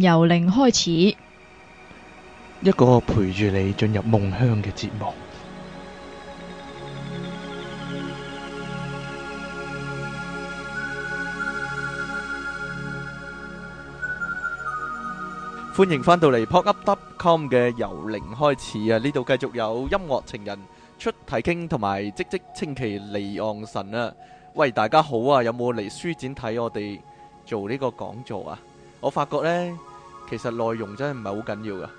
由零開始，一個陪住你進入夢鄉嘅節目。歡迎返到嚟 PodUp.com 嘅由零開始啊！呢度繼續有音樂情人出題傾，同埋即即清奇離岸神啦。喂，大家好啊！有冇嚟書展睇我哋做呢個講座啊？我發覺呢。其實內容真係唔係好緊要㗎，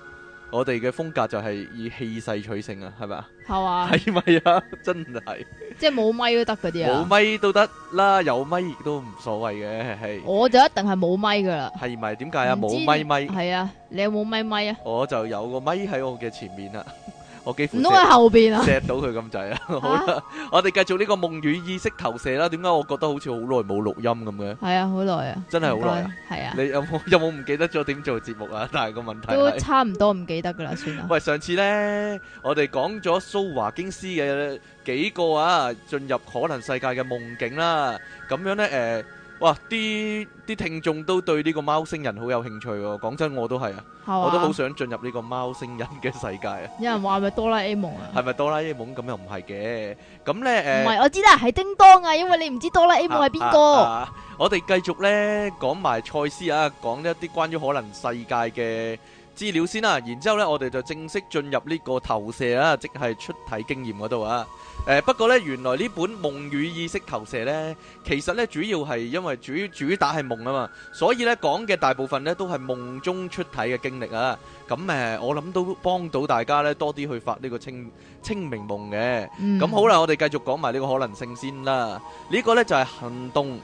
我哋嘅風格就係以氣勢取勝啊，係咪啊？係啊，係咪啊？真係，即係冇咪都得嗰啲啊！冇咪都得啦，有咪都唔所謂嘅，係。我就一定係冇咪㗎啦。係咪？點解啊？冇咪咪。係啊，你有冇咪咪啊？我就有個咪喺我嘅前面啦。我幾乎都喺後邊啊，錫到佢咁滯啊！好啦，我哋繼續呢個夢與意識投射啦。點解我覺得好似好耐冇錄音咁嘅？係啊，好耐啊，真係好耐啊！係啊，你有冇有冇唔記得咗點做節目啊？但係個問題都差唔多唔記得噶啦，算啦。喂，上次咧，我哋講咗蘇華京師嘅幾個啊，進入可能世界嘅夢境啦，咁樣咧誒。哇！啲啲聽眾都對呢個貓星人好有興趣喎，哦，講真我都係啊，啊，我都好想進入呢個貓星人嘅世界啊！有人話係咪哆啦 A 夢啊？係咪哆啦 A 夢？咁又唔係嘅，咁咧誒，唔、呃、係，我知啦，係叮噹啊，因為你唔知哆啦 A 夢係邊個。我哋繼續咧講埋賽斯啊，講一啲關於可能世界嘅。資料先啦，然之後咧，我哋就正式進入呢個投射啊，即係出體經驗嗰度啊。誒不過咧，原來呢本《夢與意識投射》咧，其實咧主要係因為主主打係夢啊嘛，所以咧講嘅大部分咧都係夢中出體嘅經歷啊。咁誒，我諗都幫到大家咧多啲去發呢個清清明夢嘅。咁好啦，我哋繼續講埋呢個可能性先啦。呢個咧就係行動，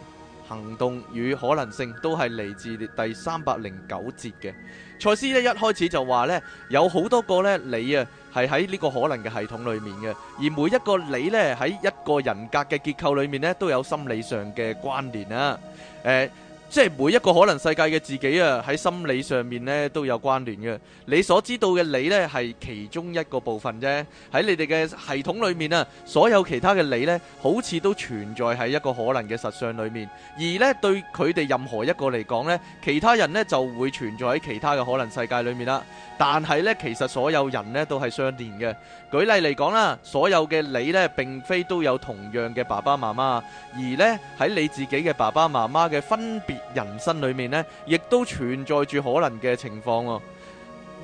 行動與可能性都係嚟自第三百零九節嘅。賽斯咧一開始就話呢，有好多個咧你啊，係喺呢個可能嘅系統裡面嘅，而每一個你咧喺一個人格嘅結構裡面咧，都有心理上嘅關聯啦。誒、哎。即係每一個可能世界嘅自己啊，喺心理上面咧都有關聯嘅。你所知道嘅你咧係其中一個部分啫，喺你哋嘅系統裡面啊，所有其他嘅你咧好似都存在喺一個可能嘅實相裡面。而咧對佢哋任何一個嚟講咧，其他人咧就會存在喺其他嘅可能世界裡面啦。但係咧其實所有人咧都係相連嘅。舉例嚟講啦，所有嘅你咧並非都有同樣嘅爸爸媽媽，而咧喺你自己嘅爸爸媽媽嘅分別。人生裏面呢，亦都存在住可能嘅情況喎。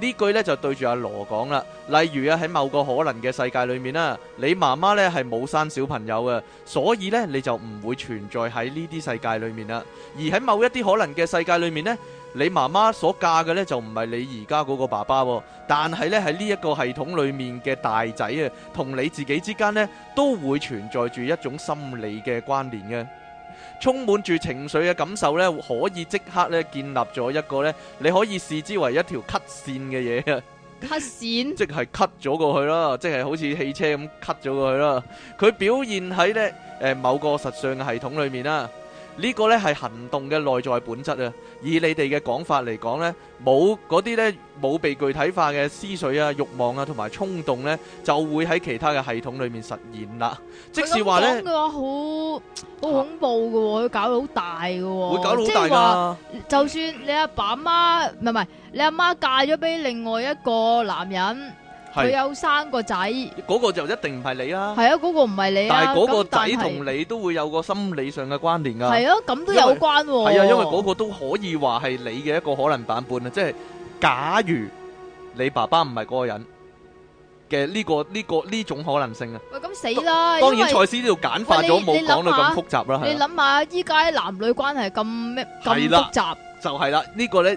呢句呢，就對住阿羅講啦。例如啊，喺某個可能嘅世界裏面啦，你媽媽呢係冇生小朋友呀，所以呢，你就唔會存在喺呢啲世界裏面啦。而喺某一啲可能嘅世界裏面呢，你媽媽所嫁嘅呢，就唔係你而家嗰個爸爸，但係呢，喺呢一個系統裏面嘅大仔啊，同你自己之間呢，都會存在住一種心理嘅關聯嘅。充滿住情緒嘅感受咧，可以即刻咧建立咗一個咧，你可以視之為一條 cut 線嘅嘢，cut 線，即 係 cut 咗過去啦，即係好似汽車咁 cut 咗過去啦。佢表現喺咧誒某個實相嘅系統裏面啦。呢個咧係行動嘅內在本質啊！以你哋嘅講法嚟講咧，冇嗰啲咧冇被具體化嘅思緒啊、慾望啊同埋衝動咧，就會喺其他嘅系統裏面實現啦。即係話咧，咁講嘅話好好恐怖嘅喎，佢搞到好大嘅喎，會搞到好大㗎。就算你阿爸媽唔係唔係，你阿媽嫁咗俾另外一個男人。佢有生個仔，嗰個就一定唔係你啦。係啊，嗰個唔係你啊。但係嗰個仔同你都會有個心理上嘅關聯噶。係啊，咁都有關喎。係啊，因為嗰個都可以話係你嘅一個可能版本啊，即係假如你爸爸唔係嗰個人嘅呢個呢個呢種可能性啊。喂，咁死啦！當然，賽斯呢度簡化咗，冇講到咁複雜啦。你諗下，依家男女關係咁咩咁複雜，就係啦。呢個咧。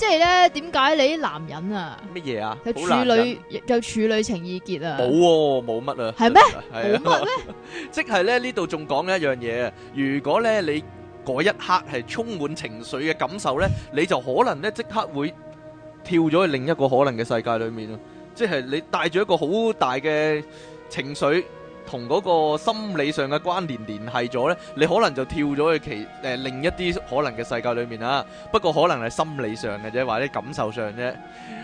即係咧，點解你啲男人啊？乜嘢啊？有處女，有處女情意結啊？冇哦，冇乜啊？係咩？冇乜咩？即係咧，呢度仲講一樣嘢啊！如果咧你嗰一刻係充滿情緒嘅感受咧，你就可能咧即刻會跳咗去另一個可能嘅世界裏面咯。即係你帶住一個好大嘅情緒。同嗰個心理上嘅關聯聯繫咗呢，你可能就跳咗去其誒另一啲可能嘅世界裏面啦。不過可能係心理上嘅啫，或者感受上啫。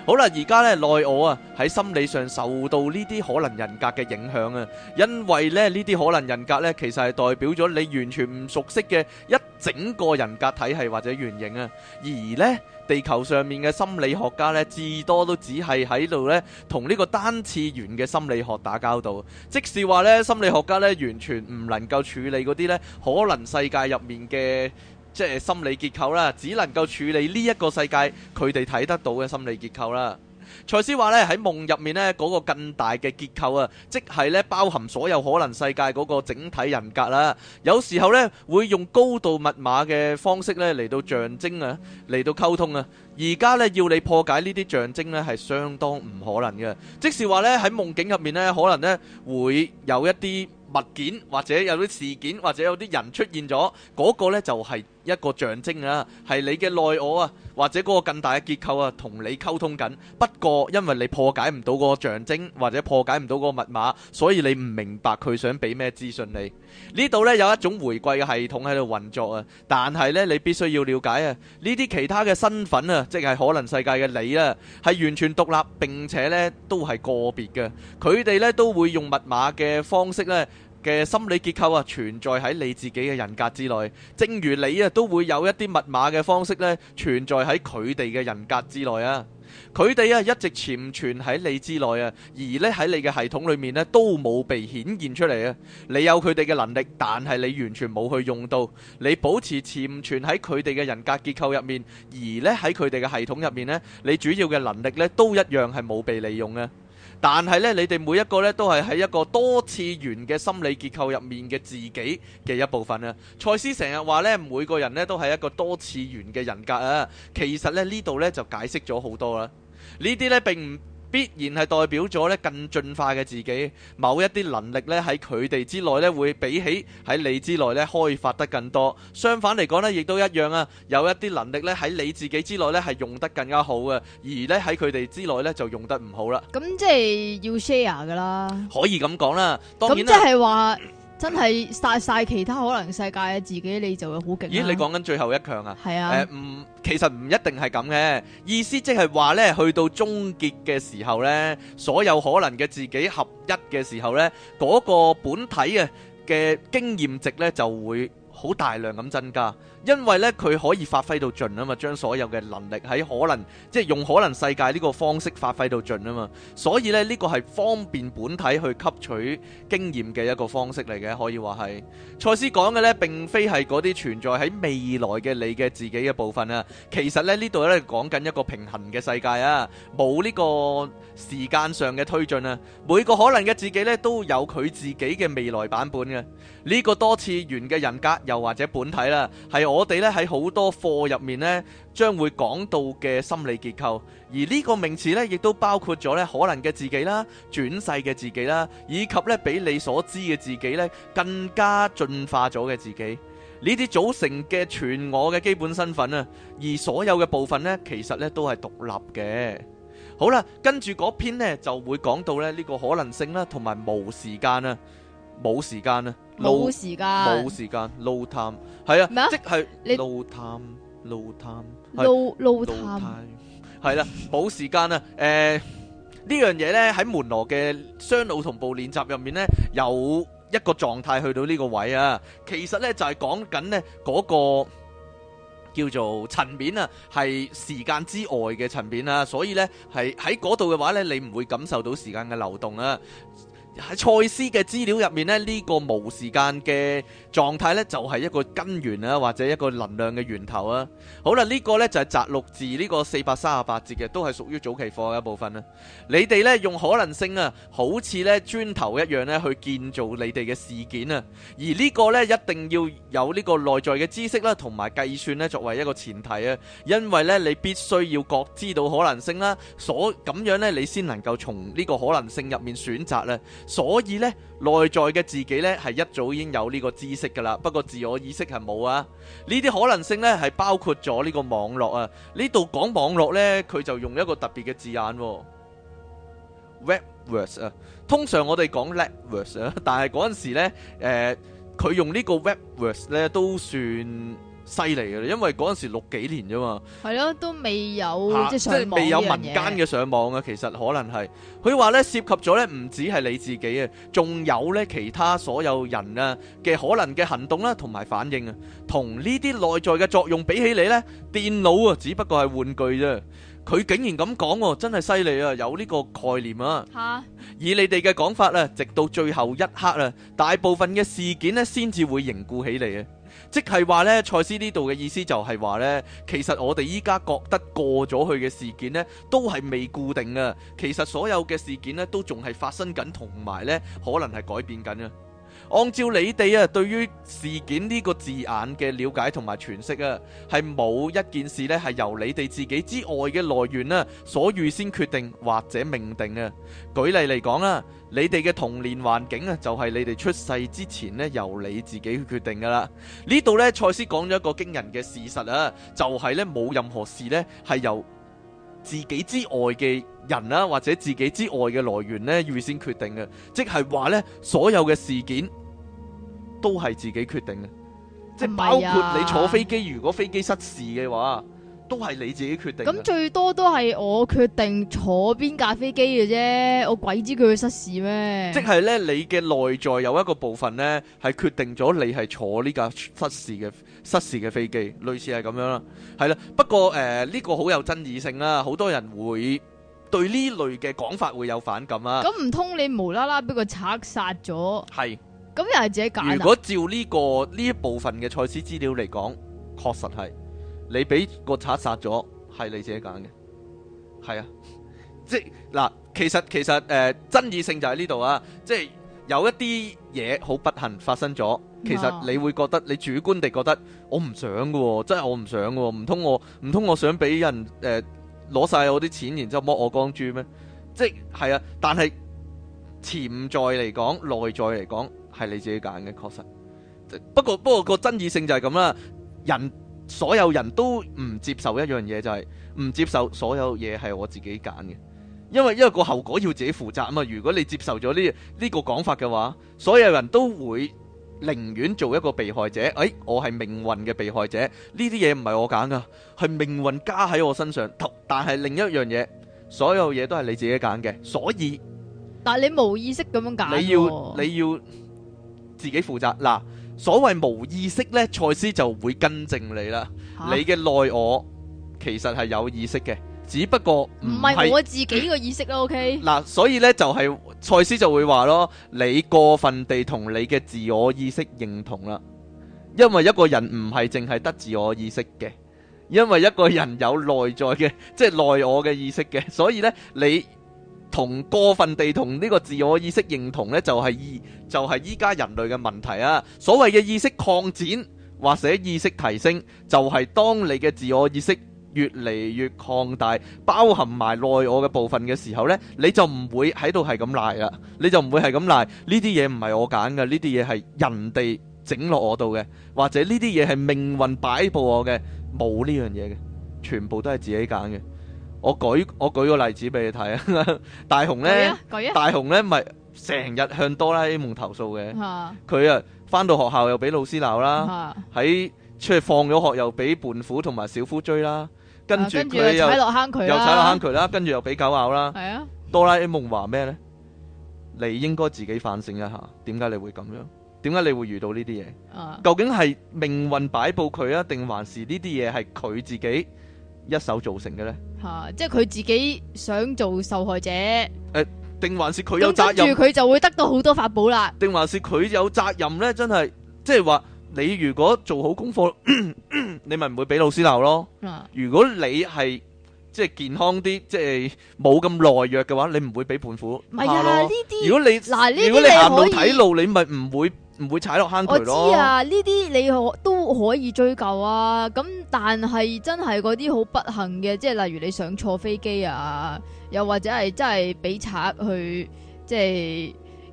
好啦，而家呢內我啊喺心理上受到呢啲可能人格嘅影響啊，因為呢呢啲可能人格呢其實係代表咗你完全唔熟悉嘅一整個人格體系或者原型啊，而呢。地球上面嘅心理學家呢，至多都只係喺度呢，同呢個單次元嘅心理學打交道。即使話呢，心理學家呢，完全唔能夠處理嗰啲呢，可能世界入面嘅即係心理結構啦，只能夠處理呢一個世界佢哋睇得到嘅心理結構啦。賽斯話咧，喺夢入面咧，嗰個更大嘅結構啊，即係咧包含所有可能世界嗰個整體人格啦。有時候咧會用高度密碼嘅方式咧嚟到象徵啊，嚟到溝通啊。而家咧要你破解呢啲象徵咧係相當唔可能嘅。即是話咧，喺夢境入面咧，可能咧會有一啲物件，或者有啲事件，或者有啲人出現咗，嗰、那個咧就係、是。一個象徵啊，係你嘅內我啊，或者嗰個更大嘅結構啊，同你溝通緊。不過因為你破解唔到嗰個象徵，或者破解唔到嗰個密碼，所以你唔明白佢想俾咩資訊你。呢度咧有一種回饋嘅系統喺度運作啊，但係咧你必須要了解啊，呢啲其他嘅身份啊，即係可能世界嘅你啦，係完全獨立並且咧都係個別嘅。佢哋咧都會用密碼嘅方式咧，嘅心理結構啊，存在喺你自己嘅人格之內。正如你啊，都會有一啲密碼嘅方式咧，存在喺佢哋嘅人格之內啊。佢哋啊一直潛存喺你之內啊，而呢，喺你嘅系統裏面呢，都冇被顯現出嚟啊。你有佢哋嘅能力，但係你完全冇去用到。你保持潛存喺佢哋嘅人格結構入面，而呢，喺佢哋嘅系統入面呢，你主要嘅能力呢，都一樣係冇被利用嘅。但係咧，你哋每一個咧都係喺一個多次元嘅心理結構入面嘅自己嘅一部分啊。蔡思成日話咧，每個人咧都係一個多次元嘅人格啊。其實咧，呢度咧就解釋咗好多啦，啊。呢啲咧並唔必然係代表咗咧更進化嘅自己，某一啲能力咧喺佢哋之內咧會比起喺你之內咧開發得更多。相反嚟講咧，亦都一樣啊，有一啲能力咧喺你自己之內咧係用得更加好嘅，而咧喺佢哋之內咧就用得唔好啦。咁即係要 share 噶啦，可以咁講啦。當然啦。即係話。真係曬曬其他可能世界嘅自己，你就會好勁。咦？你講緊最後一強啊？係啊。誒，唔，其實唔一定係咁嘅。意思即係話呢，去到終結嘅時候呢，所有可能嘅自己合一嘅時候呢，嗰個本體嘅嘅經驗值呢就會好大量咁增加。因為咧佢可以發揮到盡啊嘛，將所有嘅能力喺可能即係用可能世界呢個方式發揮到盡啊嘛，所以咧呢個係方便本體去吸取經驗嘅一個方式嚟嘅，可以話係。賽斯講嘅咧，並非係啲存在喺未來嘅你嘅自己嘅部分啊，其實咧呢度咧講緊一個平衡嘅世界啊，冇呢個時間上嘅推進啊，每個可能嘅自己咧都有佢自己嘅未來版本嘅，呢個多次元嘅人格又或者本體啦，係我。我哋咧喺好多課入面咧，將會講到嘅心理結構，而呢個名詞咧，亦都包括咗咧可能嘅自己啦、轉世嘅自己啦，以及咧比你所知嘅自己咧更加進化咗嘅自己，呢啲組成嘅全我嘅基本身份啊，而所有嘅部分咧，其實咧都係獨立嘅。好啦，跟住嗰篇咧就會講到咧呢個可能性啦，同埋無時間啊。冇時間啊！冇時間，冇時間。no time 係啊，即係 no time，no time，no, no time，係啦，冇時間啊！誒，呢樣嘢咧喺門羅嘅雙腦同步練習入面咧，有一個狀態去到呢個位啊。其實咧就係講緊咧嗰個叫做層面啊，係時間之外嘅層面啊。所以咧係喺嗰度嘅話咧，你唔會感受到時間嘅流動啊。喺賽斯嘅資料入面呢，呢、呢個無時間嘅狀態呢，就係一個根源啊，或者一個能量嘅源頭啊。好啦，呢、呢個呢，就係摘錄自呢個四百三十八節嘅，都係屬於早期課嘅一部分啦。你哋呢，用可能性啊，好似呢磚頭一樣呢，去建造你哋嘅事件啊。而呢個呢，一定要有呢個內在嘅知識啦，同埋計算呢，作為一個前提啊。因為呢，你必須要覺知道可能性啦，所咁樣呢，你先能夠從呢個可能性入面選擇啦。所以呢，內在嘅自己呢，係一早已經有呢個知識噶啦。不過自我意識係冇啊。呢啲可能性呢，係包括咗呢個網絡啊。呢度講網絡呢，佢就用一個特別嘅字眼，webverse 啊。Web words，通常我哋講 webverse 啊，但係嗰陣時呢，誒佢用呢個 webverse 呢都算。犀利嘅，因為嗰陣時六幾年啫嘛，係咯，都未有即係上即係未有民間嘅上網啊，其實可能係佢話咧涉及咗咧，唔止係你自己啊，仲有咧其他所有人啊嘅可能嘅行動啦，同埋反應啊，同呢啲內在嘅作用比起嚟咧，電腦啊，只不過係玩具啫。佢竟然咁講喎，真係犀利啊！有呢個概念啊。嚇！以你哋嘅講法啊，直到最後一刻啊，大部分嘅事件咧先至會凝固起嚟啊。即係話呢，賽斯呢度嘅意思就係話呢，其實我哋依家覺得過咗去嘅事件呢都係未固定啊。其實所有嘅事件呢都仲係發生緊，同埋呢可能係改變緊啊。按照你哋啊，對於事件呢個字眼嘅了解同埋詮釋啊，係冇一件事呢係由你哋自己之外嘅來源所預先決定或者命定啊。舉例嚟講啦，你哋嘅童年環境啊，就係你哋出世之前由你自己決定噶啦。呢度呢賽斯講咗一個驚人嘅事實啊，就係呢冇任何事呢係由。自己之外嘅人啦、啊，或者自己之外嘅來源咧，預先決定嘅，即係話咧，所有嘅事件都係自己決定嘅，是啊、即係包括你坐飛機，如果飛機失事嘅話。都係你自己決定。咁最多都係我決定坐邊架飛機嘅啫，我鬼知佢會失事咩？即係呢，你嘅內在有一個部分呢，係決定咗你係坐呢架失事嘅失事嘅飛機，類似係咁樣啦，係啦。不過誒，呢個好有爭議性啦，好多人會對呢類嘅講法會有反感啊。咁唔通你無啦啦俾個賊殺咗？係。咁又係自己揀？如果照呢個呢一部分嘅賽斯資料嚟講，確實係。你俾個賊殺咗，係你自己揀嘅，係啊，即嗱，其實其實誒、呃、爭議性就喺呢度啊，即係有一啲嘢好不幸發生咗，其實你會覺得你主觀地覺得我唔想嘅喎、哦，即係我唔想嘅喎，唔通我唔通我想俾人誒攞晒我啲錢，然之後剝我光豬咩？即係啊，但係潛在嚟講、內在嚟講係你自己揀嘅，確實。不過不過個爭議性就係咁啦，人。所有人都唔接受一樣嘢，就係、是、唔接受所有嘢係我自己揀嘅，因為因為個後果要自己負責啊嘛。如果你接受咗呢呢個講法嘅話，所有人都會寧願做一個被害者。誒、哎，我係命運嘅被害者，呢啲嘢唔係我揀㗎，係命運加喺我身上。但但係另一樣嘢，所有嘢都係你自己揀嘅，所以但係你冇意識咁樣揀，你要你要自己負責嗱。所謂無意識呢，賽斯就會更正你啦、啊。你嘅內我其實係有意識嘅，只不過唔係我自己嘅意識咯。O K，嗱，okay? 所以呢，就係、是、賽斯就會話咯，你過分地同你嘅自我意識認同啦。因為一個人唔係淨係得自我意識嘅，因為一個人有內在嘅，即係內我嘅意識嘅，所以呢，你。同過分地同呢個自我意識認同呢，就係二，就係依家人類嘅問題啊！所謂嘅意識擴展或者意識提升，就係當你嘅自我意識越嚟越擴大，包含埋內我嘅部分嘅時候呢，你就唔會喺度係咁賴啦，你就唔會係咁賴。呢啲嘢唔係我揀嘅，呢啲嘢係人哋整落我度嘅，或者呢啲嘢係命運擺佈我嘅，冇呢樣嘢嘅，全部都係自己揀嘅。我舉我舉個例子俾你睇 啊！大雄咧，大雄咧咪成日向哆啦 A 夢投訴嘅。佢啊返到學校又俾老師鬧啦，喺、啊、出去放咗學又俾胖虎同埋小夫追啦，跟住佢又、啊、又踩落坑渠啦、啊，跟住又俾狗咬啦。係啊！哆啦 A 夢話咩咧？你應該自己反省一下，點解你會咁樣？點解你會遇到呢啲嘢？究竟係命運擺佈佢啊，定還是呢啲嘢係佢自己？一手造成嘅咧，吓，即係佢自己想做受害者誒，定還是佢有責任？跟住佢就會得到好多法寶啦。定還是佢有責任咧？真係即係話你如果做好功課，你咪唔會俾老師鬧咯。如果你係即係健康啲，即係冇咁懦弱嘅話，你唔會俾胖虎咪啊？呢啲如果你嗱，如果你行路睇路，你咪唔會。唔會踩落坑渠咯。我知啊，呢啲你可都可以追究啊。咁但係真係嗰啲好不幸嘅，即係例如你想坐飛機啊，又或者係真係俾賊去即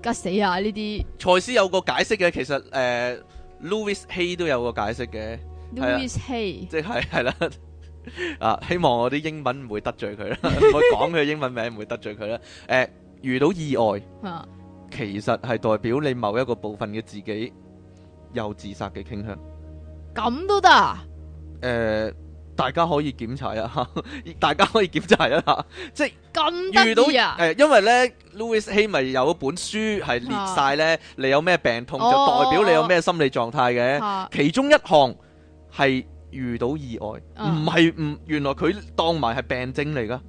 係吉死啊呢啲。蔡思有個解釋嘅，其實誒、呃、Louis Hay 都有個解釋嘅 Louis Hay 即係係啦。啊, Hay 就是、啊，希望我啲英文唔會得罪佢啦，我講佢英文名唔會得罪佢啦。誒、呃，遇到意外。啊其實係代表你某一個部分嘅自己有自殺嘅傾向這樣也，咁都得？誒，大家可以檢查一下，大家可以檢查一下，即係咁遇到誒、啊呃，因為咧，Louis 希咪，有一本書係列晒咧，啊、你有咩病痛就代表你有咩心理狀態嘅，啊、其中一項係遇到意外，唔係唔原來佢當埋係病徵嚟噶，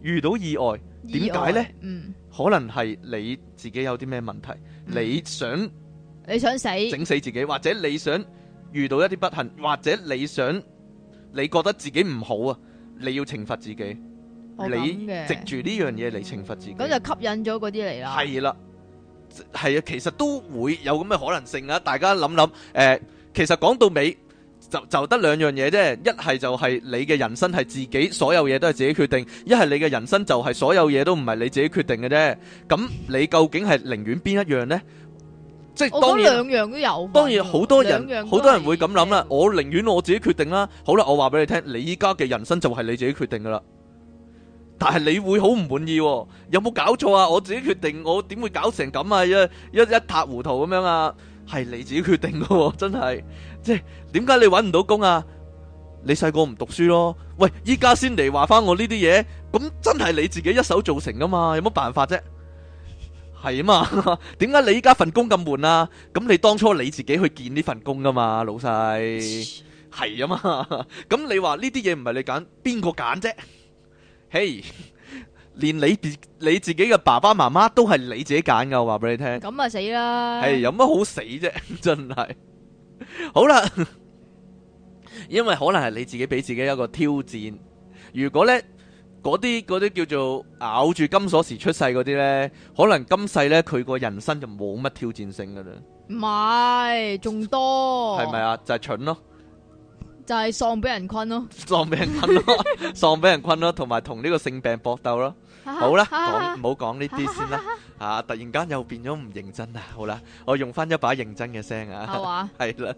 遇到意外，點解咧？嗯。可能係你自己有啲咩問題，嗯、你想你想死，整死自己，或者你想遇到一啲不幸，或者你想你覺得自己唔好啊，你要懲罰自己，你藉住呢樣嘢嚟懲罰自己，咁就吸引咗嗰啲嚟啦。係啦，係啊，其實都會有咁嘅可能性啊。大家諗諗，誒、呃，其實講到尾。就就得兩樣嘢啫，一係就係你嘅人生係自己所有嘢都係自己決定，一係你嘅人生就係所有嘢都唔係你自己決定嘅啫。咁你究竟係寧願邊一樣呢？即係當然兩樣都有。當然好多人好多人會咁諗啦。我寧願我自己決定啦。好啦，我話俾你聽，你依家嘅人生就係你自己決定噶啦。但係你會好唔滿意喎。有冇搞錯啊？我自己決定，我點會搞成咁啊？一一一塌糊塗咁樣啊？係你自己決定噶，真係，即係點解你搵唔到工啊？你細個唔讀書咯，喂，依家先嚟話翻我呢啲嘢，咁真係你自己一手造成噶嘛？有乜辦法啫？係 啊嘛，點解你依家份工咁悶啊？咁你當初你自己去見呢份工噶嘛，老細係啊嘛，咁你話呢啲嘢唔係你揀邊個揀啫？嘿。Hey. 連你自你自己嘅爸爸媽媽都係你自己揀噶，我話俾你聽。咁啊死啦！係有乜好死啫？真係好啦，因為可能係你自己俾自己一個挑戰。如果咧嗰啲嗰啲叫做咬住金鎖匙出世嗰啲咧，可能今世咧佢個人生就冇乜挑戰性噶啦。唔係仲多係咪啊？就係、是、蠢咯，就係喪俾人困咯，喪俾人困咯，喪俾人困咯，同埋同呢個性病搏鬥咯。好啦，講唔好講呢啲先啦，吓、啊啊啊、突然間又變咗唔認真啦。好啦，我用翻一把認真嘅聲啊，係、啊、 啦。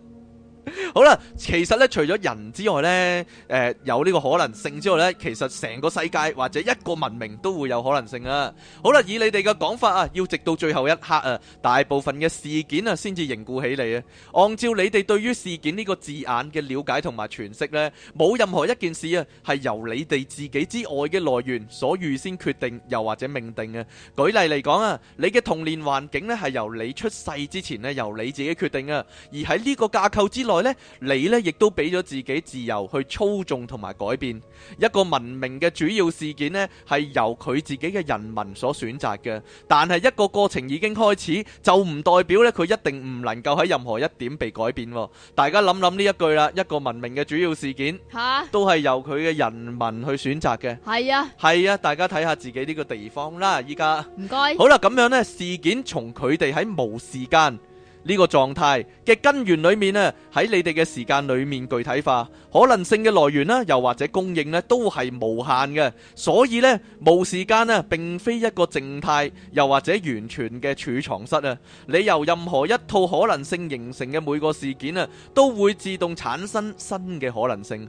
好啦，其實咧除咗人之外呢，誒、呃、有呢個可能性之外呢，其實成個世界或者一個文明都會有可能性啊。好啦，以你哋嘅講法啊，要直到最後一刻啊，大部分嘅事件啊先至凝固起嚟。啊，按照你哋對於事件呢個字眼嘅了解同埋詮釋呢，冇任何一件事啊係由你哋自己之外嘅來源所預先決定又或者命定嘅。舉例嚟講啊，你嘅童年環境呢係由你出世之前呢，由你自己決定啊，而喺呢個架構之內。內咧，你咧亦都俾咗自己自由去操縱同埋改變一個文明嘅主要事件咧，係由佢自己嘅人民所選擇嘅。但係一個過程已經開始，就唔代表咧佢一定唔能夠喺任何一點被改變。大家諗諗呢一句啦，一個文明嘅主要事件吓，都係由佢嘅人民去選擇嘅。係啊，係啊，大家睇下自己呢個地方啦。依家唔該，好啦，咁樣咧，事件從佢哋喺無時間。呢個狀態嘅根源裏面啊，喺你哋嘅時間裏面具體化可能性嘅來源啦，又或者供應都係無限嘅。所以呢，無時間並非一個靜態，又或者完全嘅儲藏室啊。你由任何一套可能性形成嘅每個事件啊，都會自動產生新嘅可能性。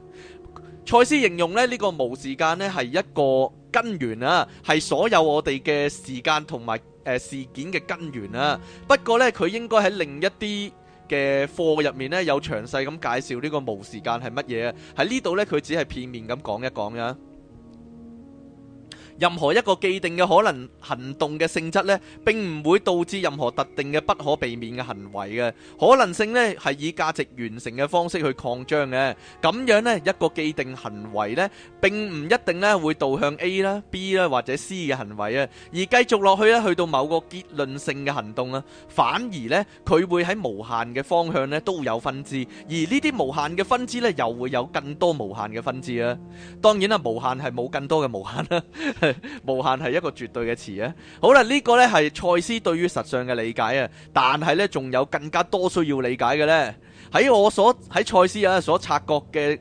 賽斯形容咧，呢個無時間係一個根源啊，係所有我哋嘅時間同埋，事件嘅根源啊，不過呢，佢應該喺另一啲嘅課入面呢，有詳細咁介紹呢個無時間係乜嘢。喺呢度呢，佢只係片面咁講一講嘅。任何一個既定嘅可能行動嘅性質咧，並唔會導致任何特定嘅不可避免嘅行為嘅可能性咧，係以價值完成嘅方式去擴張嘅。咁樣咧，一個既定行為咧，並唔一定咧會導向 A 啦、B 啦或者 C 嘅行為啊，而繼續落去咧，去到某個結論性嘅行動啦，反而咧，佢會喺無限嘅方向咧都有分支，而呢啲無限嘅分支咧，又會有更多無限嘅分支啊。當然啦，無限係冇更多嘅無限啦。 無限係一個絕對嘅詞啊！好啦，呢個呢係賽斯對於實相嘅理解啊，但係呢，仲有更加多需要理解嘅呢。喺我所喺賽斯啊所察覺嘅誒、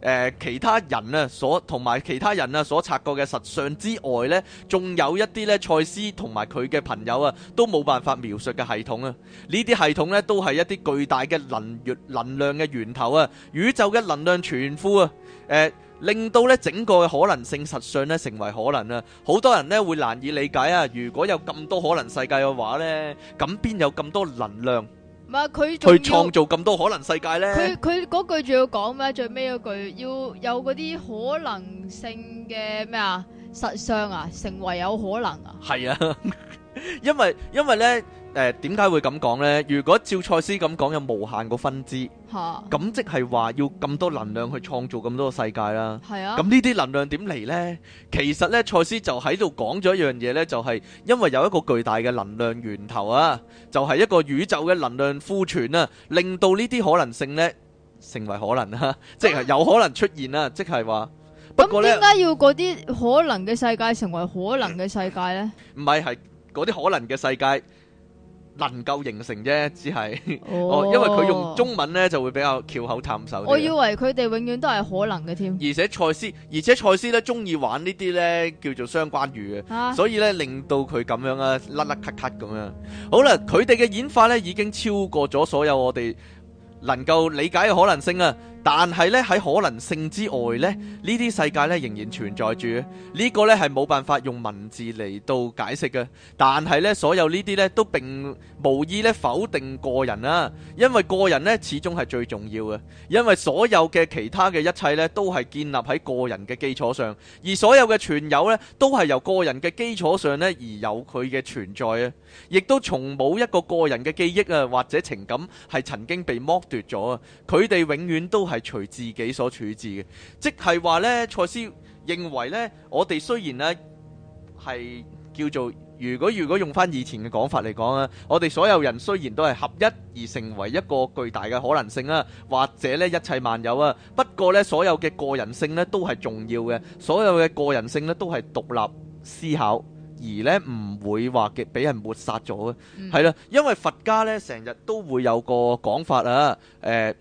呃、其他人啊所同埋其他人啊所察覺嘅實相之外呢，仲有一啲呢賽斯同埋佢嘅朋友啊都冇辦法描述嘅系統啊！呢啲系統呢，都係一啲巨大嘅能源能量嘅源頭啊，宇宙嘅能量全庫啊，誒、呃。令到咧整個可能性實相咧成為可能啦，好多人咧會難以理解啊！如果有咁多可能世界嘅話咧，咁邊有咁多能量？唔係佢，佢創造咁多可能世界咧？佢佢嗰句仲要講咩？最尾嗰句要有嗰啲可能性嘅咩啊？實相啊，成為有可能啊？係啊。因為因為咧誒，點解會咁講咧？如果照賽斯咁講，有無限個分支，咁即係話要咁多能量去創造咁多個世界啦。係啊，咁呢啲能量點嚟咧？其實咧，賽斯就喺度講咗一樣嘢咧，就係因為有一個巨大嘅能量源頭啊，就係一個宇宙嘅能量庫存啊，令到呢啲可能性咧成為可能啊，即係有可能出現啊。即係話咁，點解要嗰啲可能嘅世界成為可能嘅世界咧？唔係係。嗰啲可能嘅世界能夠形成啫，只係哦，oh. 因為佢用中文呢就會比較翹口探手。我以為佢哋永遠都係可能嘅添。而且賽斯，而且賽斯呢中意玩這些呢啲呢叫做相關語啊，ah. 所以呢令到佢咁樣啊，甩甩咳咳咁樣。好啦，佢哋嘅演化呢已經超過咗所有我哋能夠理解嘅可能性啊！但係咧喺可能性之外咧，呢啲世界咧仍然存在住。呢個咧係冇辦法用文字嚟到解釋嘅。但係咧所有呢啲咧都並無意咧否定個人啊，因為個人咧始終係最重要嘅。因為所有嘅其他嘅一切咧都係建立喺個人嘅基礎上，而所有嘅存有咧都係由個人嘅基礎上咧而有佢嘅存在啊。亦都從冇一個個人嘅記憶啊或者情感係曾經被剝奪咗啊，佢哋永遠都係係隨自己所處置嘅，即係話呢，賽斯認為呢，我哋雖然呢係叫做，如果如果用翻以前嘅講法嚟講啊，我哋所有人雖然都係合一而成為一個巨大嘅可能性啊，或者呢一切萬有啊，不過呢所有嘅個人性呢都係重要嘅，所有嘅個人性呢都係獨立思考，而呢唔會話嘅俾人抹殺咗嘅，係、嗯、啦，因為佛家呢成日都會有個講法啊，誒、呃。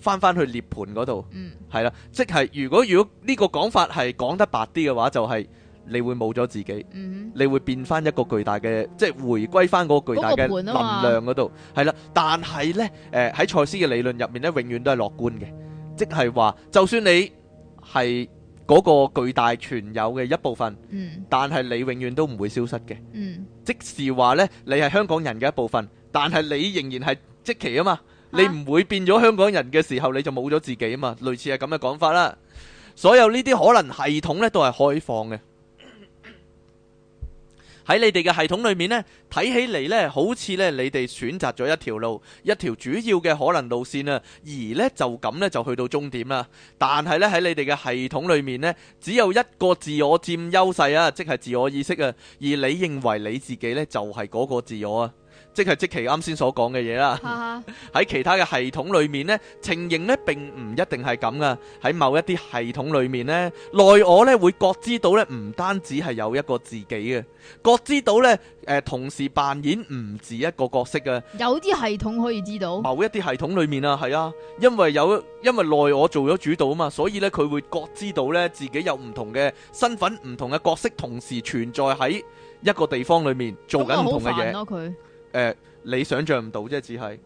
翻翻去涅槃嗰度，係、嗯、啦，即係如果如果呢個講法係講得白啲嘅話，就係、是、你會冇咗自己、嗯，你會變翻一個巨大嘅，即係回歸翻個個巨大嘅能量嗰度，係、那、啦、個。但係呢，誒、呃、喺蔡司嘅理論入面呢，永遠都係樂觀嘅，即係話就算你係嗰個巨大存有嘅一、嗯嗯、一部分，但係你永遠都唔會消失嘅。即是話呢，你係香港人嘅一部分，但係你仍然係積奇啊嘛。你唔會變咗香港人嘅時候，你就冇咗自己啊嘛，類似係咁嘅講法啦。所有呢啲可能系統呢，都係開放嘅。喺你哋嘅系統裏面呢，睇起嚟呢，好似呢，你哋選擇咗一條路，一條主要嘅可能路線啊，而呢，就咁呢，就去到終點啦。但係呢，喺你哋嘅系統裏面呢，只有一個自我佔優勢啊，即係自我意識啊。而你認為你自己呢，就係嗰個自我啊。即係即其啱先所講嘅嘢啦，喺其他嘅系統裏面咧，情形咧並唔一定係咁噶喺某一啲系統裏面咧，內我咧會覺知到咧唔單止係有一個自己嘅，覺知到咧，誒，同時扮演唔止一個角色噶有啲系統可以知道。某一啲系統裏面啊，係啊，因為有因為內我做咗主導啊嘛，所以咧佢會覺知到咧自己有唔同嘅身份、唔同嘅角色，同時存在喺一個地方裏面做緊唔同嘅嘢咯。佢誒、呃，你想象唔到啫，只係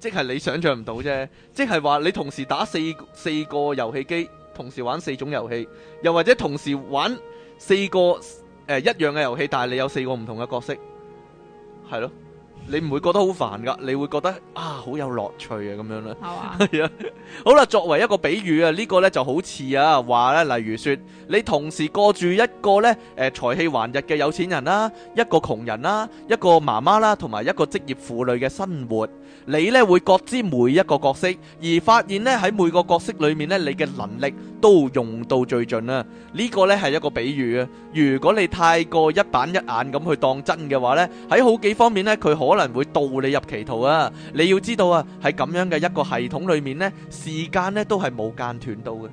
即係你想象唔到啫，即係話你同時打四四個遊戲機，同時玩四種遊戲，又或者同時玩四個誒、呃、一樣嘅遊戲，但係你有四個唔同嘅角色，係咯。你唔會覺得好煩㗎，你會覺得啊，好有樂趣啊咁樣啦。好啊，好啦，作為一個比喻啊，呢個咧就好似啊話咧，例如說你同時過住一個咧誒才氣橫溢嘅有錢人啦，一個窮人啦，一個媽媽啦，同埋一個職業婦女嘅生活，你咧會覺知每一個角色，而發現咧喺每個角色裏面咧，你嘅能力都用到最盡啦。呢個咧係一個比喻啊。如果你太過一板一眼咁去當真嘅話咧，喺好幾方面咧佢可能。可能會導你入歧途啊！你要知道啊，喺咁樣嘅一個系統裏面呢，時間呢都係冇間斷到嘅。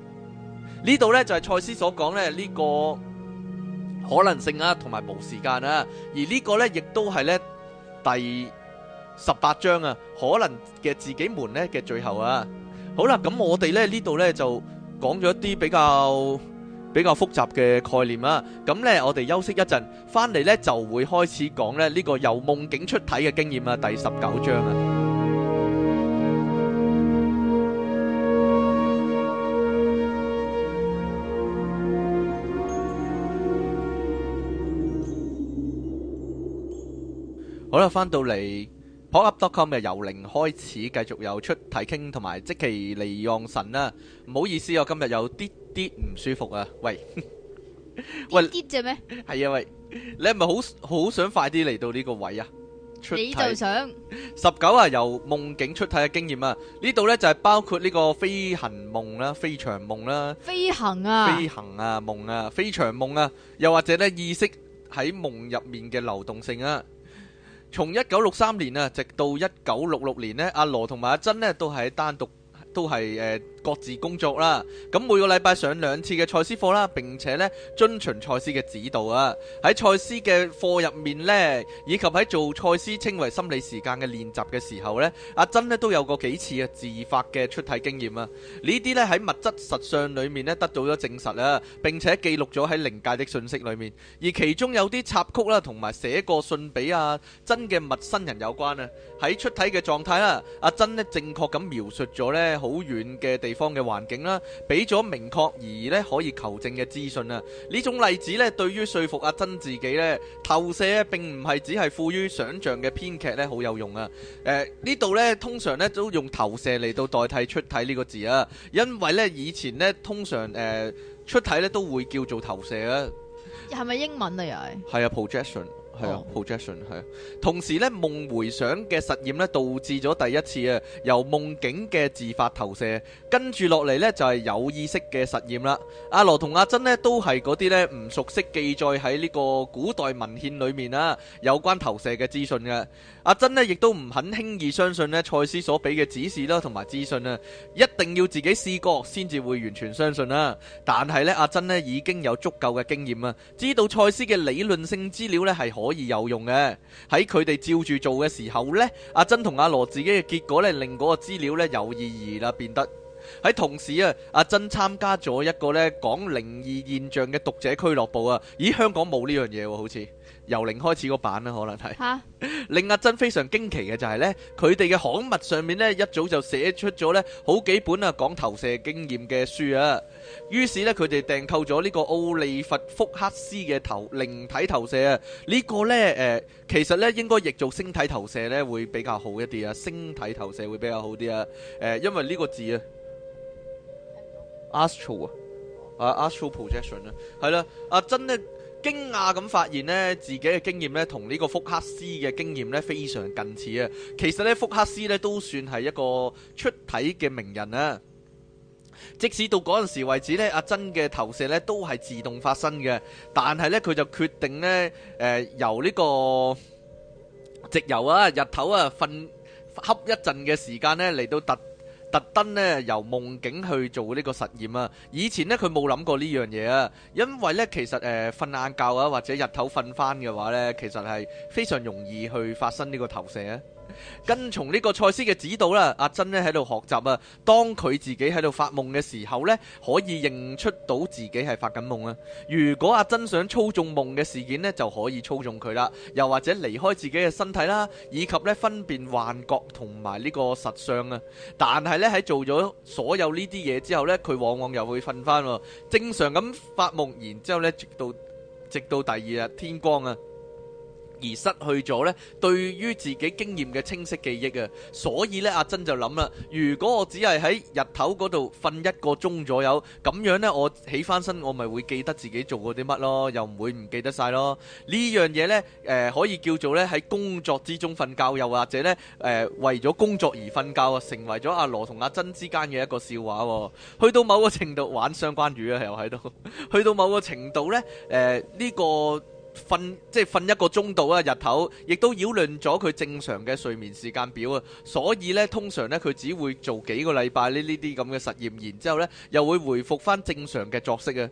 呢度呢，就係賽斯所講呢呢個可能性啊，同埋冇時間啊。而呢個呢，亦都係呢第十八章啊可能嘅自己們呢嘅最後啊。好啦，咁我哋呢呢度呢，就講咗一啲比較比較複雜嘅概念啦，咁呢我哋休息一陣，翻嚟呢就會開始講呢呢個由夢境出體嘅經驗啊，第十九章啊。好啦，翻到嚟 procup.com 嘅由零開始，繼續又出體傾，同埋即其嚟讓神啦。唔好意思，我今日有啲。啲唔舒服啊！喂喂，啲啫咩？係啊，喂，你係咪好好想快啲嚟到呢個位啊？你就想十九啊，由夢境出體嘅經驗啊，呢度咧就係包括呢個飛行夢啦、飛翔夢啦、飛行啊、飛行啊夢啊、飛翔夢啊，又或者咧意識喺夢入面嘅流動性啊，從一九六三年啊，直到一九六六年咧，阿羅同埋阿珍咧都係喺單獨。都係誒各自工作啦，咁每個禮拜上兩次嘅賽斯課啦，並且咧遵循賽斯嘅指導啊。喺賽斯嘅課入面咧，以及喺做賽斯稱為心理時間嘅練習嘅時候咧，阿珍咧都有過幾次嘅自發嘅出體經驗啊。呢啲咧喺物質實相裏面咧得到咗證實啊，並且記錄咗喺靈界的訊息裏面。而其中有啲插曲啦，同埋寫過信俾阿珍嘅陌生人有關啊。喺出體嘅狀態啦，阿珍咧正確咁描述咗咧。好遠嘅地方嘅環境啦，俾咗明確而咧可以求證嘅資訊啊！呢種例子咧，對於說服阿珍自己咧，投射咧，並唔係只係富於想象嘅編劇咧，好有用啊！誒、呃，呢度咧通常咧都用投射嚟到代替出體呢個字啊，因為咧以前咧通常誒出體咧都會叫做投射啊，是不是是啊，係咪英文啊？又係，係啊，projection。係啊，projection 係啊，同時咧夢回想嘅實驗咧導致咗第一次啊，由夢境嘅自發投射，跟住落嚟咧就係有意識嘅實驗啦。阿羅同阿珍咧都係嗰啲咧唔熟悉記載喺呢個古代文獻裏面啊有關投射嘅資訊嘅。阿珍咧亦都唔肯輕易相信咧賽斯所俾嘅指示啦，同埋資訊啊，一定要自己試過先至會完全相信啦。但係咧阿珍咧已經有足夠嘅經驗啊，知道賽斯嘅理論性資料咧係可。可以有用嘅，喺佢哋照住做嘅時候咧，阿珍同阿羅自己嘅結果咧，令嗰個資料咧有意義啦，變得喺同時啊，阿珍參加咗一個咧講靈異現象嘅讀者俱樂部啊，咦，香港冇呢樣嘢好似啊。，由零開始嗰版啦，可能係。令阿珍非常驚奇嘅就係咧，佢哋嘅刊物上面咧一早就寫出咗咧好幾本啊講投射經驗嘅書啊。於是咧佢哋訂購咗呢個奧利弗福克斯嘅頭靈體投射啊。呢、呢個咧、呃、其實咧應該譯做星體投射咧會比較好一啲啊。星體投射會比較好啲啊、呃。因為呢個字啊，astral 啊。啊，astral uh, projection 係啦，阿珍呢，驚訝咁發現自己嘅經驗咧，同呢個福克斯嘅經驗非常近似啊！其實福克斯都算係一個出體嘅名人，即使到嗰陣時為止，阿珍嘅投射都係自動發生嘅，但係咧佢就決定，誒由呢，這個直油啊，日頭啊瞓瞌一陣嘅時間咧嚟到突特登呢由夢境去做呢個實驗啊！以前呢，佢冇諗過呢樣嘢啊，因為呢、呃，其實誒瞓晏覺啊或者日頭瞓翻嘅話呢，其實係非常容易去發生呢個投射啊。跟從呢個賽斯嘅指導啦，阿珍咧喺度學習啊。當佢自己喺度發夢嘅時候咧，可以認出到自己係發緊夢啊。如果阿珍想操縱夢嘅事件咧，就可以操縱佢啦。又或者離開自己嘅身體啦，以及咧分辨幻覺同埋呢個實相啊。但係咧，喺做咗所有呢啲嘢之後咧，佢往往又會瞓翻。正常咁發夢完之後咧，直到直到第二日天光啊。而失去咗呢，對於自己經驗嘅清晰記憶啊，所以呢，阿珍就諗啦，如果我只係喺日頭嗰度瞓一個鐘左右，咁樣呢，我起翻身，我咪會記得自己做過啲乜咯，又唔會唔記得晒咯。呢樣嘢呢，誒、呃、可以叫做呢喺工作之中瞓覺，又或者呢誒、呃、為咗工作而瞓覺啊，成為咗阿羅同阿珍之間嘅一個笑話。去到某個程度玩相關語啊，又喺度。去到某個程度呢，誒、呃、呢、這個。瞓，即係瞓一個鐘度啊。日頭亦都擾亂咗佢正常嘅睡眠時間表啊，所以呢，通常呢，佢只會做幾個禮拜呢呢啲咁嘅實驗，然之後呢，又會回復返正常嘅作息啊。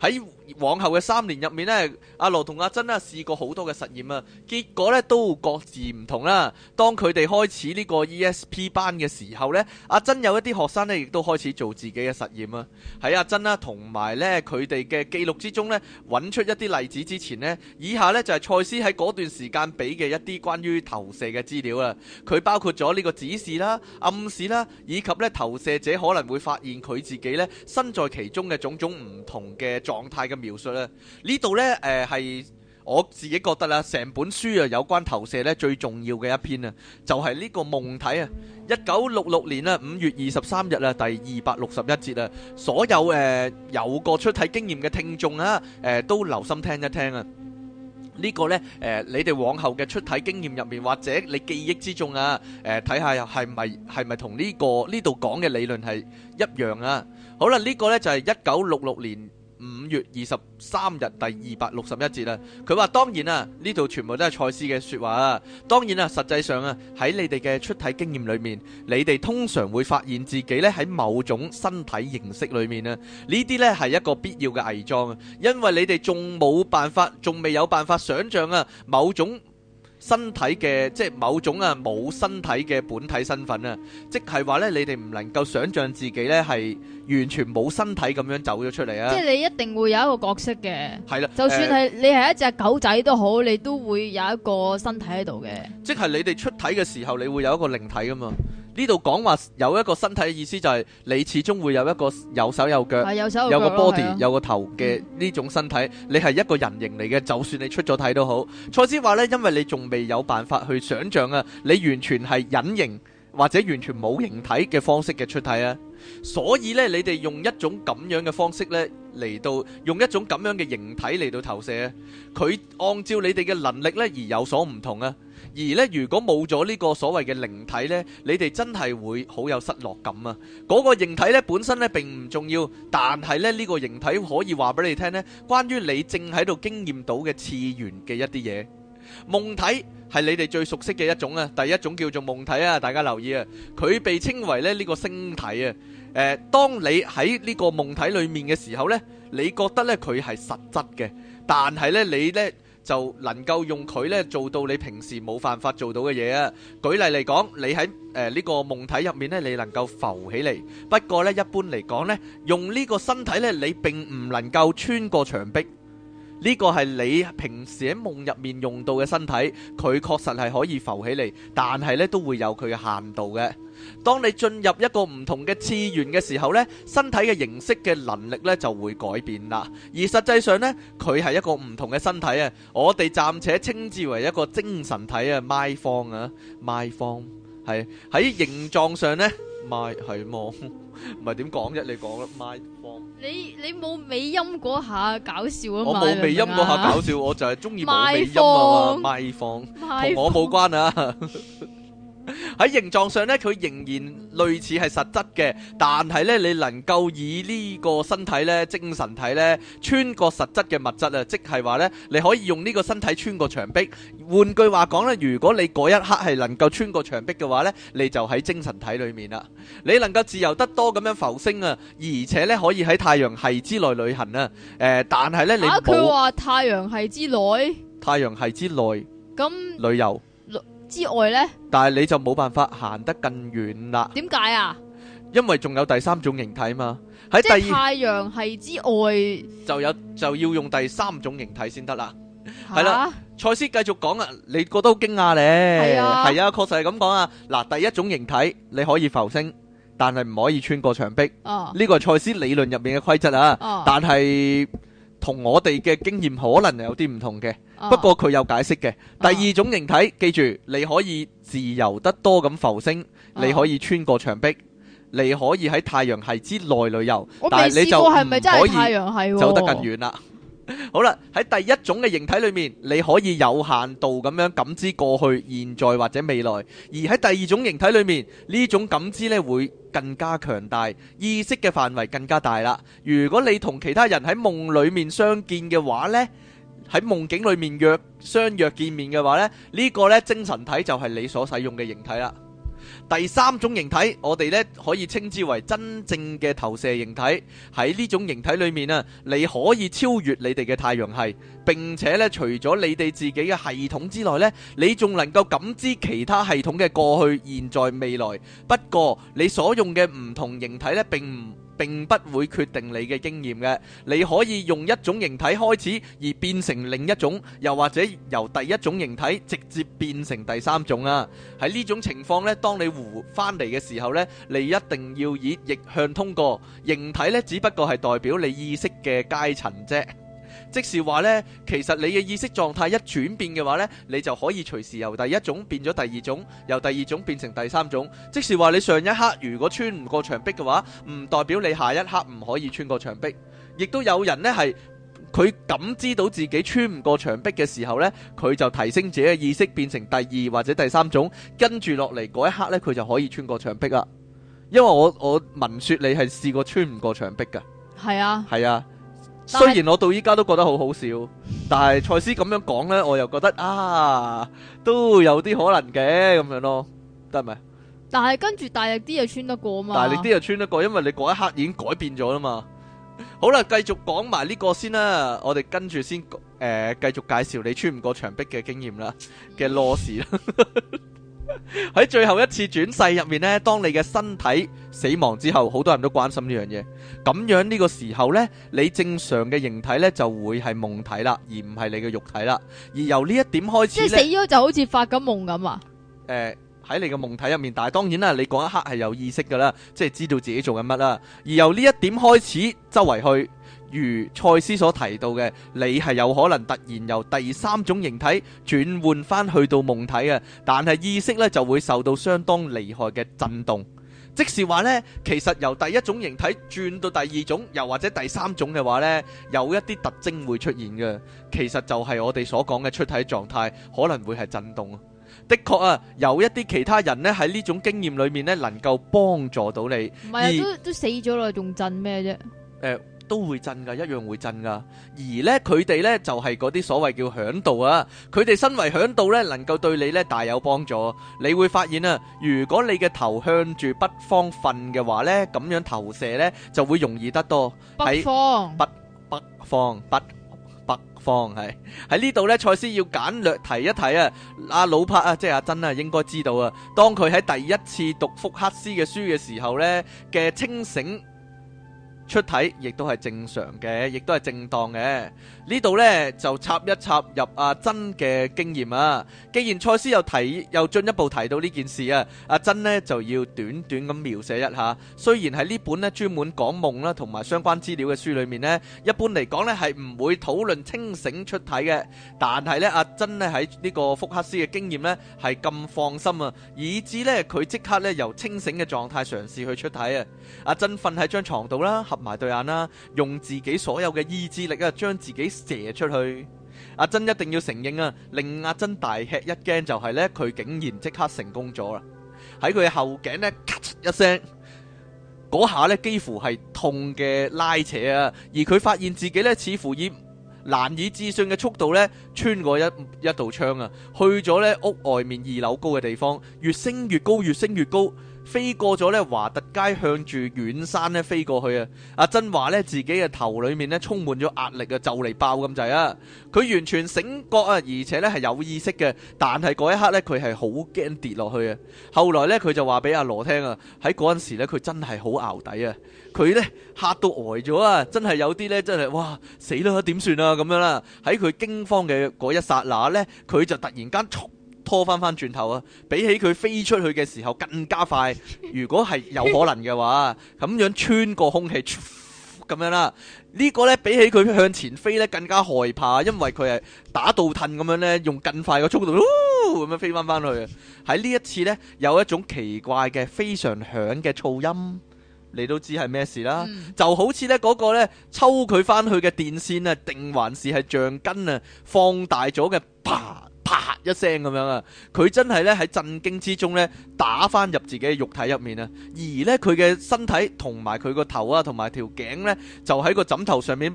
喺往後嘅三年入面咧，阿羅同阿珍啊，試過好多嘅實驗啊，結果咧都各自唔同啦。當佢哋開始呢個 ESP 班嘅時候咧，阿珍有一啲學生咧亦都開始做自己嘅實驗啊。喺阿珍啦同埋咧佢哋嘅記錄之中咧，揾出一啲例子之前咧，以下咧就係賽斯喺嗰段時間俾嘅一啲關於投射嘅資料啊。佢包括咗呢個指示啦、暗示啦，以及咧投射者可能會發現佢自己咧身在其中嘅種種唔同嘅狀態嘅。描述咧呢度咧，誒係我自己覺得啦，成本書啊有關投射咧最重要嘅一篇啊，就係呢個夢體啊，一九六六年啊五月二十三日啊第二百六十一節啊，所有誒有個出體經驗嘅聽眾啊，誒都留心聽一聽啊，呢個咧誒你哋往後嘅出體經驗入面或者你記憶之中啊，誒睇下係咪係咪同呢個呢度講嘅理論係一樣啊，好啦呢個咧就係一九六六年，五月二十三日第二百六十一節啦，佢話當然啦，呢度全部都係賽斯嘅說話啊。當然啦，實際上啊，喺你哋嘅出體經驗裏面，你哋通常會發現自己咧喺某種身體形式裏面咧，呢啲呢係一個必要嘅偽裝啊。因為你哋仲冇辦法，仲未有辦法想象啊某種身體嘅，即係某種啊冇身體嘅本體身份啊，即係話呢，你哋唔能夠想象自己呢係。完全冇身體咁樣走咗出嚟啊！即係你一定會有一個角色嘅，係啦，就算係你係一隻狗仔都好，你都會有一個身體喺度嘅。即係你哋出體嘅時候，你會有一個靈體㗎嘛。呢度講話有一個身體嘅意思，就係你始終會有一個有手有腳，有個 body，有個頭嘅呢種身體。你係一個人形嚟嘅，就算你出咗體都好。賽斯話呢，因為你仲未有辦法去想像啊，你完全係隱形，或者完全冇形體嘅方式嘅出體啊，所以咧，你哋用一種咁樣嘅方式咧嚟到，用一種咁樣嘅形體嚟到投射啊，佢按照你哋嘅能力咧而有所唔同啊，而咧如果冇咗呢個所謂嘅靈體咧，你哋真係會好有失落感啊！嗰個形體咧本身咧並唔重要，但係咧呢個形體可以話俾你聽咧，關於你正喺度經驗到嘅次元嘅一啲嘢。夢體係你哋最熟悉嘅一種啊，第一種叫做夢體啊，大家留意啊，佢被稱為咧呢個星體啊。誒，當你喺呢個夢體裏面嘅時候咧，你覺得咧佢係實質嘅，但係咧你咧就能夠用佢咧做到你平時冇辦法做到嘅嘢啊。舉例嚟講，你喺誒呢個夢體入面咧，你能夠浮起嚟。不過咧，一般嚟講咧，用呢個身體咧，你並唔能夠穿過牆壁。呢個係你平時喺夢入面用到嘅身體，佢確實係可以浮起嚟，但係咧都會有佢嘅限度嘅。當你進入一個唔同嘅次元嘅時候咧，身體嘅形式嘅能力咧就會改變啦。而實際上咧，佢係一個唔同嘅身體啊，我哋暫且稱之為一個精神體啊，My form 啊，My form 係喺形狀上咧。咪係望，唔係點講啫？你講咪放，你你冇尾音嗰下搞笑啊嘛，我冇尾音嗰下搞笑， 我就係中意冇尾音啊嘛，咪放同我冇關啊。 喺形狀上咧，佢仍然類似係實質嘅，但係咧，你能夠以呢個身體咧，精神體咧，穿過實質嘅物質啊，即係話咧，你可以用呢個身體穿過牆壁。換句話講咧，如果你嗰一刻係能夠穿過牆壁嘅話咧，你就喺精神體裏面啦。你能夠自由得多咁樣浮升啊，而且咧可以喺太陽系之內旅行啊。誒、呃，但係咧你冇，佢話太陽系之內，太陽系之內咁旅遊。之外咧，但係你就冇辦法行得更遠啦。點解啊？因為仲有第三種形體嘛。喺第二太陽系之外就有就要用第三種形體先得啦。係啦，賽斯繼續講啊，你覺得好驚訝咧？係啊，係啊，確實係咁講啊。嗱，第一種形體你可以浮升，但係唔可以穿過牆壁。哦，呢個係賽斯理論入面嘅規則啊。哦，但係。同我哋嘅經驗可能有啲唔同嘅，啊，不過佢有解釋嘅。第二種形體，啊，記住你可以自由得多咁浮升，啊，你可以穿過牆壁，你可以喺太陽系之內旅遊，係咪真係啊？但係你就唔可以走得更遠啦。好啦，喺第一種嘅形體裏面，你可以有限度咁樣感知過去、現在或者未來；而喺第二種形體裏面，呢種感知咧會更加強大，意識嘅範圍更加大啦。如果你同其他人喺夢裏面相見嘅話咧，喺夢境裏面約相約見面嘅話咧，呢個咧精神體就係你所使用嘅形體啦。第三種形體，我哋呢可以稱之為真正嘅投射形體。喺呢種形體裏面啊，你可以超越你哋嘅太陽系。並且咧，除咗你哋自己嘅系統之外咧，你仲能夠感知其他系統嘅過去、現在、未來。不過你所用嘅唔同形體咧，並唔，並不會決定你嘅經驗嘅。你可以用一種形體開始，而變成另一種，又或者由第一種形體直接變成第三種啊。喺呢種情況咧，當你回翻嚟嘅時候咧，你一定要以逆向通過形體咧，只不過係代表你意識嘅階層啫。即是話呢，其實你嘅意識狀態一轉變嘅話呢，你就可以隨時由第一種變咗第二種，由第二種變成第三種。即是話你上一刻如果穿唔過牆壁嘅話，唔代表你下一刻唔可以穿過牆壁。亦都有人呢，係佢感知到自己穿唔過牆壁嘅時候呢，佢就提升自己嘅意識，變成第二或者第三種，跟住落嚟嗰一刻呢，佢就可以穿過牆壁啦。因為我我聞說你係試過穿唔過牆壁㗎，係啊，係啊。雖然我到依家都覺得好好笑，但係賽斯咁樣講呢，我又覺得啊，都有啲可能嘅咁樣咯，得咪？但係跟住大力啲又穿得過嘛？大力啲又穿得過，因為你嗰一刻已經改變咗啦嘛。好啦，繼續講埋呢個先啦，我哋跟住先誒，繼、呃、續介紹你穿唔過牆壁嘅經驗啦，嘅螺絲啦。 喺 最後一次轉世入面呢，當你嘅身體死亡之後，好多人都關心呢樣嘢。咁樣呢個時候呢，你正常嘅形體呢就會係夢體啦，而唔係你嘅肉體啦。而由呢一點開始，即係死咗就好似發緊夢咁啊！呃、喺你嘅夢體入面，但係當然啦，你嗰一刻係有意識噶啦，即係知道自己做緊乜啦。而由呢一點開始，周圍去。如蔡斯，所提到嘅，你係有可能突然由第三種形體轉換翻去到夢體，啊但係意識咧就會受到相當厲害嘅震動，即是話咧，其實由第一種形體轉到第二種又或者第三種嘅話咧，有一啲特徵會出現嘅，其實就係我哋所講嘅出體狀態，可能會係震動啊都會震噶，一樣會震噶。而咧，佢哋咧就係嗰啲所謂叫嚮導啊。佢哋身為嚮導咧，能夠對你咧大有幫助。你會發現啊，如果你嘅頭向住北方瞓嘅話咧，咁樣投射咧就會容易得多。北方北北方北北方係喺呢度咧，賽斯要簡略提一提啊。阿魯柏啊，即係阿珍啊，應該知道啊。當佢喺第一次讀福克斯嘅書嘅時候咧嘅清醒。出體亦都係正常嘅，亦都係正當嘅。呢度呢，就插一插入阿珍嘅經驗啊。既然蔡司又提又進一步提到呢件事啊，阿珍呢就要短短咁描寫一下。雖然喺呢本呢專門講夢啦同埋相關資料嘅書裏面呢，一般嚟講呢係唔會討論清醒出體嘅，但係呢，阿珍呢喺呢個福克斯嘅經驗呢係咁放心啊，以至呢，佢即刻呢由清醒嘅狀態嘗試去出體啊。阿珍瞓喺張床度啦，合埋對眼啦，用自己所有嘅意志力啊，將自己射出去。阿珍一定要承認啊，令阿珍大吃一驚就係呢，佢竟然即刻成功咗啦。喺佢後頸呢，咔嚓一聲，嗰下呢幾乎係痛嘅拉扯啊。而佢發現自己呢，似乎以難以置信嘅速度呢，穿過一一道窗啊，去咗呢屋外面二樓高嘅地方，越升越高，越升越高。飛過咗咧華特街，向住遠山咧飛過去啊！阿珍華咧自己嘅頭裏面咧充滿咗壓力啊，就嚟爆咁滯啊！佢完全醒覺啊，而且咧係有意識嘅，但係嗰一刻咧佢係好驚跌落去啊！後來咧佢就話俾阿羅聽啊，喺嗰陣時咧佢真係好淆底啊！佢咧嚇到呆咗啊，真係有啲咧真係哇死啦點算啊咁樣啦！喺佢驚慌嘅嗰一剎那咧，佢就突然間衝。拖翻翻轉頭啊！比起佢飛出去嘅時候更加快， 如果係有可能嘅話，咁樣穿過空氣咁樣啦。呢、這個呢，比起佢向前飛呢，更加害怕，因為佢係打倒褪咁樣呢，用更快嘅速度咁樣飛翻翻去。喺呢一次呢，有一種奇怪嘅非常響嘅噪音，你都知係咩事啦？就好似呢嗰、那個呢，抽佢翻去嘅電線啊，定還是係橡筋啊，放大咗嘅啪！啪一聲咁樣啊！佢真係咧喺震驚之中咧打返入自己嘅肉體入面啊！而咧佢嘅身體同埋佢個頭啊，同埋條頸咧就喺個枕頭上面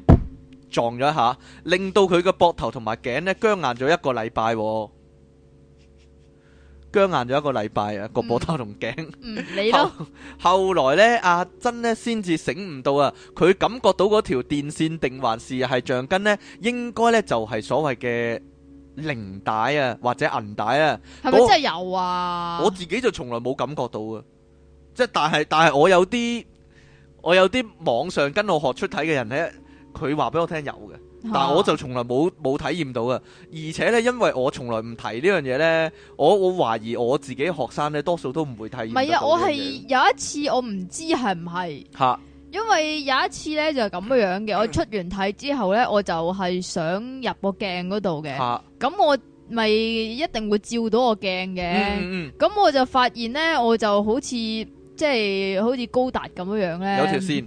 撞咗一下，令到佢個膊頭同埋頸咧僵硬咗一個禮拜，僵硬咗一個禮拜啊！個膊頭同頸。嗯，你咯。後後來咧，阿珍咧先至醒悟到啊！佢感覺到嗰條電線定還是係橡筋咧，應該咧就係所謂嘅。零帶啊，或者銀帶啊，係咪真係有啊、嗰個！我自己就從來冇感覺到嘅，即係但係但係我有啲我有啲網上跟我學出體嘅人咧，佢話俾我聽有嘅，但係我就從來冇冇體驗到嘅、啊，而且咧因為我從來唔提呢樣嘢咧，我我懷疑我自己學生咧多數都唔會體驗到。唔係啊，我係有一次我唔知係唔係嚇。 因為有一次咧就咁，是樣樣嘅，我出完體之後咧，我就係想入個鏡嗰度嘅。咁我咪一定會照到個鏡嘅。咁，嗯嗯嗯、我就發現咧，我就好似即係好似高達咁樣樣咧。有條線。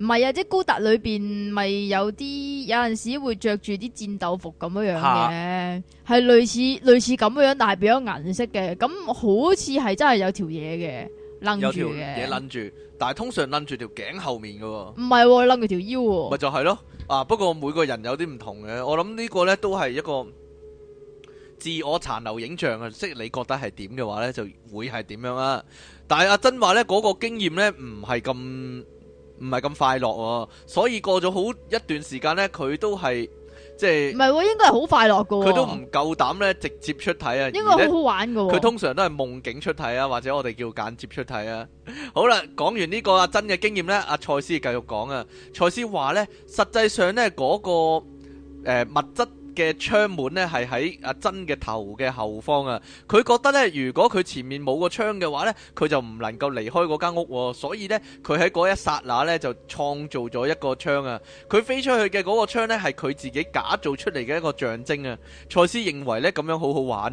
唔係啊，即，就，係，是高達裏邊咪有啲有陣時會着住啲戰鬥服咁樣樣嘅，係、啊、類似類似咁樣樣，但係變咗顏色嘅。咁好似係真係有條嘢嘅。有條嘢掹住，但係通常掹住條頸後面嘅喎、哦，唔係掹佢條腰、哦，咪就係咯。啊，不過每個人有啲唔同嘅，我諗呢個呢都係一個自我殘留影像啊。即係你覺得係點嘅話呢，就會係點樣啊。但係阿珍話呢嗰、嗰個經驗呢，唔係咁唔係咁快樂，所以過咗好一段時間呢，佢都係。即係唔係喎，應該係好快樂喎。哦。佢都唔夠膽咧，直接出體啊！應該好好玩噶喎。哦。佢通常都係夢境出體啊，或者我哋叫間接出體啊。 好啦，講完呢，這個阿、啊、珍嘅經驗呢，阿賽斯繼續講啊。賽斯話呢，實際上呢嗰、那個、呃、物質。嘅窗門呢係喺阿珍嘅頭嘅後方啊，佢覺得呢，如果佢前面冇個窗嘅話呢，佢就唔能夠離開嗰間屋，所以呢，佢喺嗰一剎那呢，就創造咗一個窗啊，佢飛出去嘅嗰個窗呢，係佢自己假造出嚟嘅一個象徵啊。賽斯認為呢，咁樣好好玩，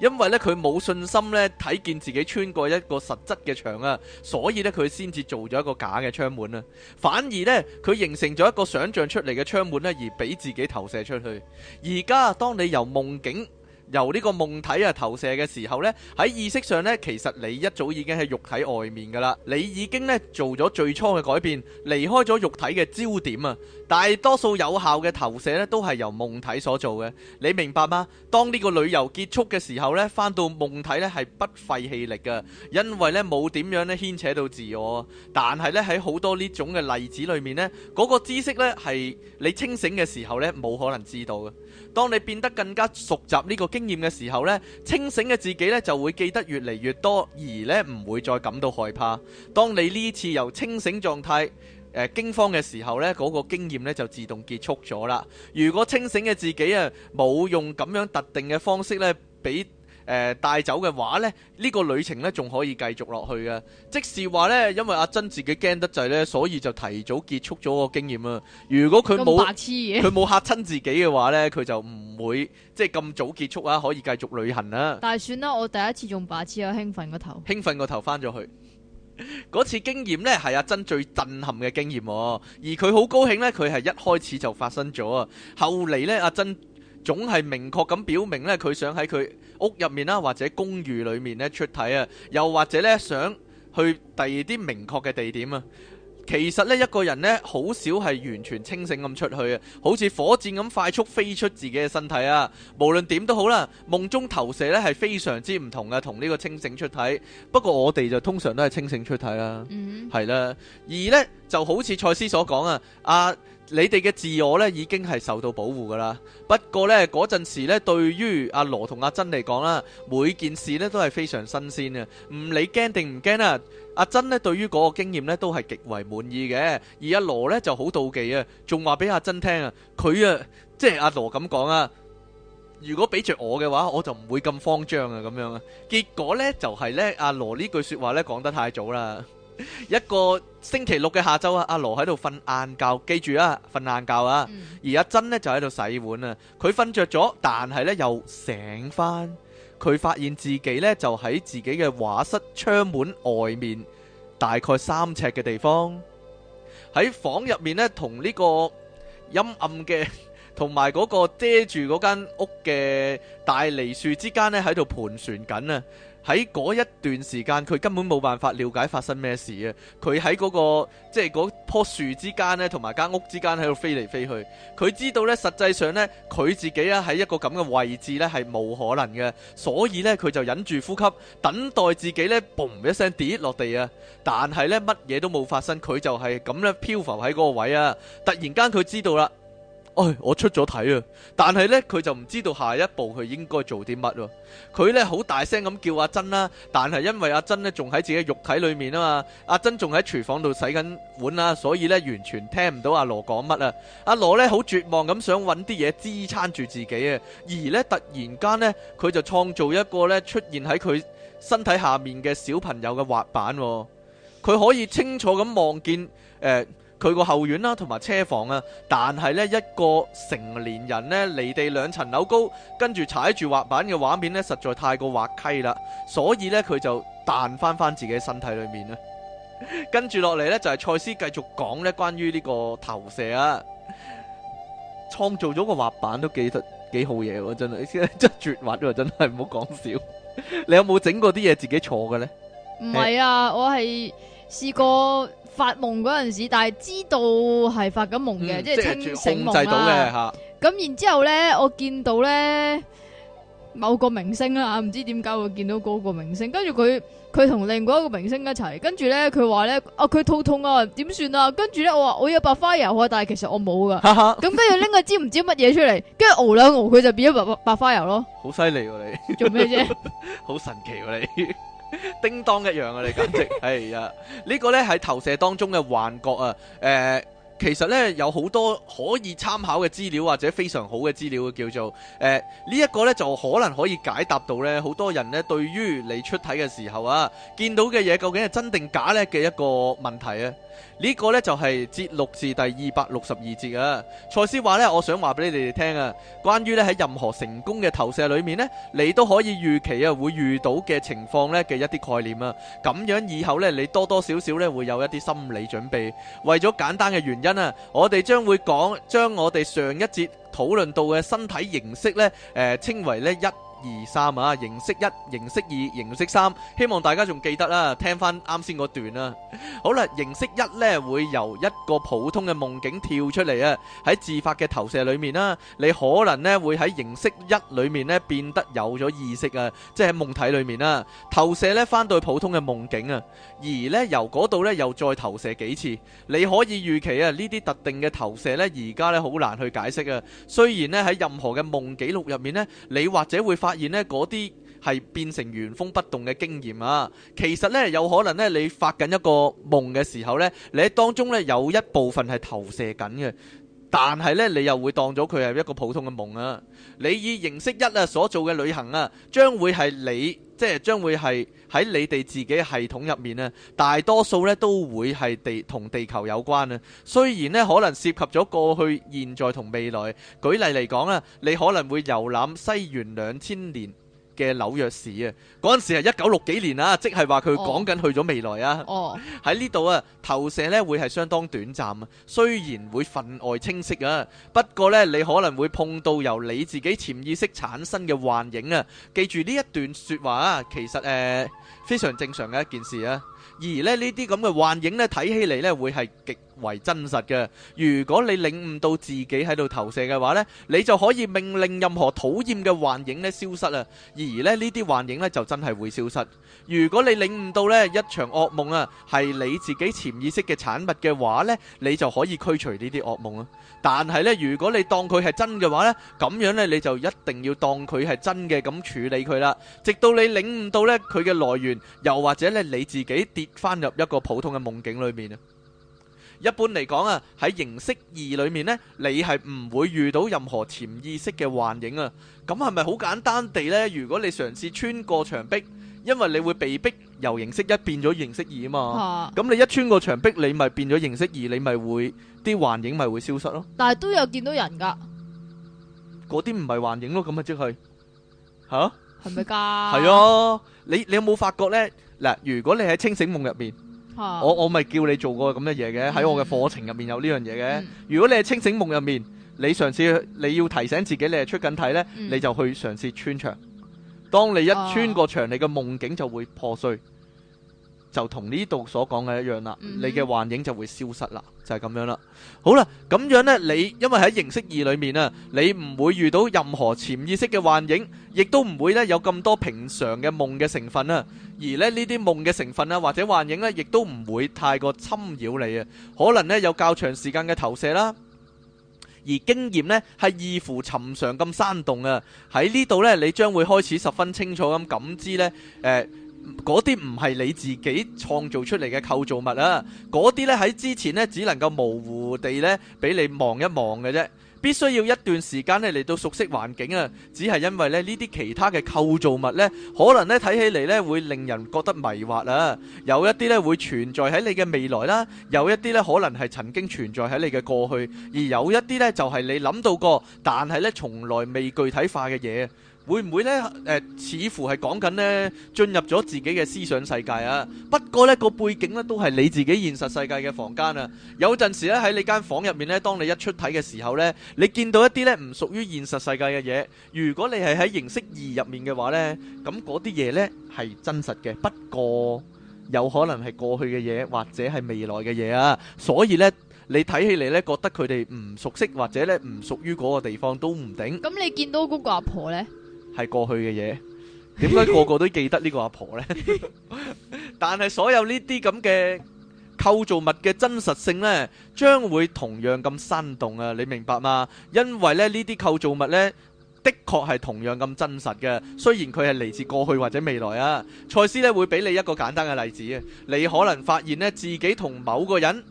因為呢，佢冇信心呢，睇見自己穿過一個實質嘅牆啊，所以呢，佢先至做咗一個假嘅窗門啊，反而呢，佢形成咗一個想象出嚟嘅窗門呢，而俾自己投射出去。而家，當你由夢境，由呢個夢體啊投射嘅時候呢，喺意識上呢，其實你一早已經喺肉體外面噶啦，你已經呢做咗最初嘅改變，離開咗肉體嘅焦點啊！大多數有效嘅投射呢，都係由夢體所做嘅，你明白嗎？當呢個旅遊結束嘅時候呢，翻到夢體呢係不費氣力嘅，因為呢冇點樣呢牽扯到自我。但係呢，喺好多呢種嘅例子裏面呢，嗰個知識呢係你清醒嘅時候呢冇可能知道嘅。當你變得更加熟習呢個。經驗嘅時候咧，清醒嘅自己咧就會記得越嚟越多，而咧唔會再感到害怕。當你呢次由清醒狀態誒驚慌嘅時候咧，呢個經驗咧就自動結束咗啦。如果清醒嘅自己啊冇用咁樣特定嘅方式咧，俾。誒，帶走嘅話呢，呢、這個旅程呢仲可以繼續落去嘅。即是話呢，因為阿珍自己驚得滯呢，所以就提早結束咗個經驗啊。如果佢冇佢冇吓親自己嘅話呢，佢 就唔會即係咁早結束啊，可以繼續旅行啦、啊。但係算啦，我第一次用白癡啊，興奮個頭。興奮個頭翻咗去。嗰次經驗呢係阿珍最震撼嘅經驗，而佢好高興呢，佢係一開始就發生咗啊。後嚟呢，阿珍。總係明確咁表明呢，佢想喺佢屋入面啦，或者公寓裏面呢出體啊，又或者呢想去第二啲明確嘅地點啊。其實呢，一個人呢好少係完全清醒咁出去啊，好似火箭咁快速飛出自己嘅身體啊。無論點都好啦，夢中投射呢係非常之唔同嘅，同呢個清醒出體。不過我哋就通常都係清醒出體啦，係啦。而呢就好似賽斯所講啊，阿。你哋嘅自我呢已經係受到保護噶啦。不過呢嗰陣時呢對於阿羅同阿珍嚟講啦，每件事呢都係非常新鮮啊。唔理驚定唔驚啊，阿珍呢對於嗰個經驗呢都係極為滿意嘅。而阿羅呢就好妒忌啊，仲話俾阿珍聽啊，佢啊，即係阿羅咁講啊，如果俾着我嘅話，我就唔會咁慌張啊，咁樣啊。結果呢就係呢，阿羅呢句說話呢講得太早啦。 一個星期六嘅下晝啊，阿羅喺度瞓晏覺，記住啊，瞓晏覺啊、嗯。而阿珍呢，就喺度洗碗啊。佢瞓着咗，但係呢又醒翻。佢發現自己呢，就喺自己嘅畫室窗門外面，大概三尺嘅地方。喺房入面呢，同呢個陰暗嘅，同埋嗰個遮住嗰間屋嘅大梨樹之間呢，喺度盤旋緊啊。喺嗰一段時間，佢根本冇辦法了解發生咩事啊！佢喺嗰個即係嗰棵樹之間咧，同埋間屋之間喺度飛嚟飛去。佢知道咧，實際上咧，佢自己啊喺一個咁嘅位置咧係冇可能嘅，所以咧佢就忍住呼吸，等待自己咧嘣一聲跌落地啊！但係咧乜嘢都冇發生，佢就係咁咧漂浮喺嗰個位啊！突然間佢知道啦。唉，我出咗體啊！但係呢，佢就唔知道下一步佢應該做啲乜咯。佢呢，好大聲咁叫阿珍啦，但係因為阿珍呢仲喺自己肉體裏面啊嘛，阿珍仲喺廚房度洗緊碗啦，所以呢，完全聽唔到阿羅講乜啊。阿羅呢，好絕望咁想揾啲嘢支撐住自己啊，而呢，突然間呢，佢就創造一個呢，出現喺佢身體下面嘅小朋友嘅滑板，佢可以清楚咁望見誒。呃佢個後院啦、啊，同埋車房啊，但係呢，一個成年人呢，離地兩層樓高，跟住踩住滑板嘅畫面呢，實在太過滑稽啦。所以呢，佢就彈翻翻自己的身體裏面啦。 跟住落嚟呢，就係賽斯繼續講呢關於呢個投射啊，創 造咗個滑板都幾實幾好嘢喎，真係真絕滑真係唔好講笑。 你有冇整過啲嘢自己坐嘅呢？唔係啊， 我係試過。發夢嗰陣時候，但係知道係發緊夢嘅，即係清醒夢啦。咁然之後咧，我見到咧某個明星啦，唔知點解會見到嗰個明星，跟住佢佢同另外一個明星一齊，跟住咧佢話咧，啊佢肚痛啊，點算啊？跟住咧我話我有白花油啊，但係其實我冇噶，咁跟住拎個知唔知乜嘢出嚟，跟住熬兩熬，佢 就變咗白白白花油咯。好犀利喎，你做咩啫、啊？ 好神奇、啊，你。 叮當一樣啊！你簡直係呀呢個呢係投射當中嘅幻覺啊！誒、呃，其實呢，有好多可以參考嘅資料或者非常好嘅資料嘅叫做誒，呢、呃、一、這個呢，就可能可以解答到呢好多人呢對於你出體嘅時候啊，見到嘅嘢究竟係真定假呢嘅一個問題啊！呢、這個呢就係節錄自第二百六十二節啊。賽斯話呢，我想話俾你哋聽啊，關於呢喺任何成功嘅投射裏面呢，你都可以預期啊會遇到嘅情況呢嘅一啲概念啊。咁樣以後呢，你多多少少呢會有一啲心理準備。為咗簡單嘅原因啊，我哋將會講，將我哋上一節討論到嘅身體形式呢，誒、呃、稱為呢一。二三啊，形式一、形式二、形式三，希望大家仲記得啦，聽翻啱先嗰段啦。好啦，形式一咧會由一個普通嘅夢境跳出嚟啊，喺自發嘅投射裏面啦，你可能咧會喺形式一裏面咧變得有咗意識啊，即係喺夢體裏面啦，投射咧翻到去普通嘅夢境啊，而咧由嗰度咧又再投射幾次，你可以預期啊呢啲特定嘅投射咧而家咧好難去解釋啊，雖然咧喺任何嘅夢記錄入面咧，你或者會發。發現呢，嗰啲係變成原封不動嘅經驗啊！其實呢，有可能呢，你發緊一個夢嘅時候呢，你當中呢有一部分係投射緊嘅。但係咧，你又會當咗佢係一個普通嘅夢啊！你以形式一啊所做嘅旅行啊，將會係你即係將會係喺你哋自己系統入面啊。大多數咧都會係地同地球有關啊。雖然呢可能涉及咗過去、現在同未來。舉例嚟講啊，你可能會遊覽西元兩千年嘅紐約市啊，嗰陣時係一九六幾年啦，啊，即係話佢講緊去咗未來啊。哦，喺呢度啊，投射呢會係相當短暫啊，雖然會分外清晰啊，不過呢，你可能會碰到由你自己潛意識產生嘅幻影啊。記住呢一段說話啊，其實誒、呃、非常正常嘅一件事啊。而呢呢啲咁嘅幻影呢，睇起嚟呢會係極為真實嘅。如果你領悟到自己喺度投射嘅話呢，你就可以命令任何討厭嘅幻影呢消失啦。而呢呢啲幻影呢就真係會消失。如果你領悟到呢一場噩夢啊係你自己潛意識嘅產物嘅話呢，你就可以驅除呢啲噩夢啊。但係呢，如果你當佢係真嘅話呢，咁樣呢，你就一定要當佢係真嘅咁處理佢啦。直到你領悟到呢佢嘅來源，又或者呢你自己跌。翻入一個普通嘅夢境裏面啊，一般嚟講啊，喺形式二裏面咧，你係唔會遇到任何潛意識嘅幻影啊。咁係咪好簡單地咧？如果你嘗試穿過牆壁，因為你會被逼由形式一變咗形式二啊嘛。咁你一穿過牆壁，你咪變咗形式二，你咪會啲幻影咪會消失咯。但係都有見到人噶，嗰啲唔係幻影咯，咁咪即係吓，係咪噶？係啊，你你有冇發覺咧？嗱，如果你喺清醒夢入面，啊、我我咪叫你做過咁嘅嘢嘅，喺、嗯、我嘅課程入面有呢樣嘢嘅。嗯、如果你喺清醒夢入面，你嘗試你要提醒自己你係出緊體呢，嗯、你就去嘗試穿牆。當你一穿過牆，你嘅夢境就會破碎。啊嗯就同呢度所講嘅一樣啦，你嘅幻影就會消失啦，就係咁樣啦。好啦，咁樣咧，你因為喺形式二裏面啊，你唔會遇到任何潛意識嘅幻影，亦都唔會咧有咁多平常嘅夢嘅成分啦。而咧呢啲夢嘅成分啊，或者幻影咧，亦都唔會太過侵擾你啊。可能咧有較長時間嘅投射啦，而經驗咧係異乎尋常咁生動啊。喺呢度咧，你將會開始十分清楚咁感知咧，誒。嗰啲唔係你自己創造出嚟嘅構造物啊！嗰啲呢喺之前呢只能夠模糊地呢俾你望一望嘅啫，必須要一段時間呢嚟到熟悉環境啊！只係因為呢呢啲其他嘅構造物呢，可能呢睇起嚟呢會令人覺得迷惑啊！有一啲呢會存在喺你嘅未來啦，有一啲呢可能係曾經存在喺你嘅過去，而有一啲呢就係你諗到過，但係呢從來未具體化嘅嘢。會唔會咧？誒，似乎係講緊咧進入咗自己嘅思想世界啊！不過咧個背景咧都係你自己現實世界嘅房間啊。有陣時咧喺你間房入面咧，當你一出體嘅時候咧，你見到一啲咧唔屬於現實世界嘅嘢。如果你係喺形式二入面嘅話咧，咁嗰啲嘢咧係真實嘅，不過有可能係過去嘅嘢或者係未來嘅嘢啊。所以咧你睇起嚟咧覺得佢哋唔熟悉或者咧唔屬於嗰個地方都唔定。咁你見到嗰個阿婆咧？係過去嘅嘢？點解個個都記得呢個阿婆呢？ 但係所有呢啲咁嘅構造物嘅真實性呢，將會同樣咁生動啊！你明白嗎？因為咧呢啲構造物呢，的確係同樣咁真實嘅，雖然佢係嚟自過去或者未來啊。賽斯呢會俾你一個簡單嘅例子啊，你可能發現咧自己同某個人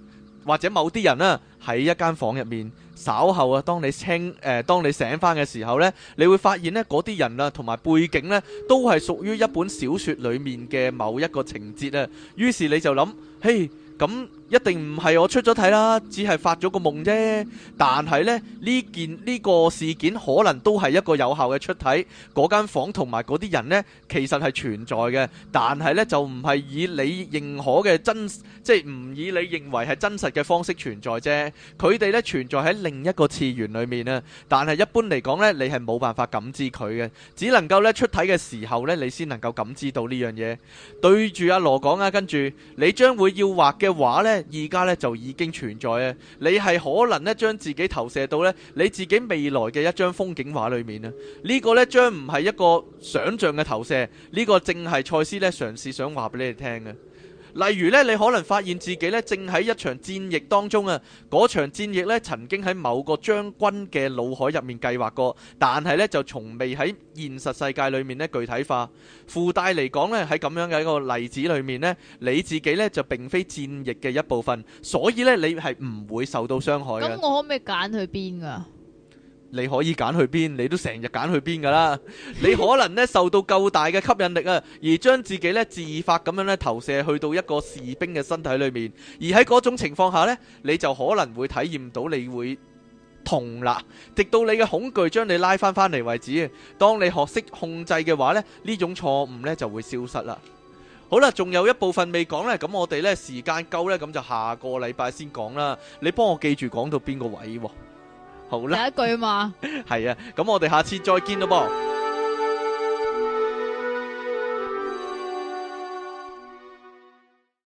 或者某啲人啊喺一間房入面。稍後啊，當你清誒、呃，當你醒翻嘅時候呢，你會發現呢嗰啲人啦，同埋背景呢，都係屬於一本小說裏面嘅某一個情節啊。於是你就諗，嘿咁。一定唔係我出咗體啦，只係發咗個夢啫。但係咧，呢件呢個事件可能都係一個有效嘅出體，嗰間房同埋嗰啲人咧，其實係存在嘅。但係咧就唔係以你認可嘅真，即係唔以你認為係真實嘅方式存在啫。佢哋咧存在喺另一個次元裏面啊。但係一般嚟講咧，你係冇辦法感知佢嘅，只能夠咧出體嘅時候咧，你先能夠感知到呢樣嘢。對住阿羅講啊，跟住你將會要畫嘅話咧。而家咧就已經存在啊！你係可能咧將自己投射到咧你自己未來嘅一張風景畫裏面啊！呢、這個咧將唔係一個想象嘅投射，呢、這個正係賽斯咧嘗試想話俾你哋聽嘅。例如咧，你可能發現自己咧正喺一場戰役當中啊，嗰場戰役咧曾經喺某個將軍嘅腦海入面計劃過，但係咧就從未喺現實世界裏面咧具體化。附帶嚟講咧，喺咁樣嘅一個例子裏面咧，你自己咧就並非戰役嘅一部分，所以咧你係唔會受到傷害嘅。咁我可唔可以揀去邊噶？你可以揀去邊，你都成日揀去邊噶啦。你可能受到夠大嘅吸引力啊，而將自己自發咁樣投射去到一個士兵嘅身體裏面，而喺嗰種情況下呢，你就可能會體驗到你會痛啦，直到你嘅恐懼將你拉翻翻嚟為止。當你學識控制嘅話呢，呢種錯誤呢就會消失啦。好啦，仲有一部分未講呢。咁我哋呢時間夠呢，咁就下個禮拜先講啦。你幫我記住講到邊個位。好啦，第一句嘛， 係啊，咁我哋下次再見咯噃。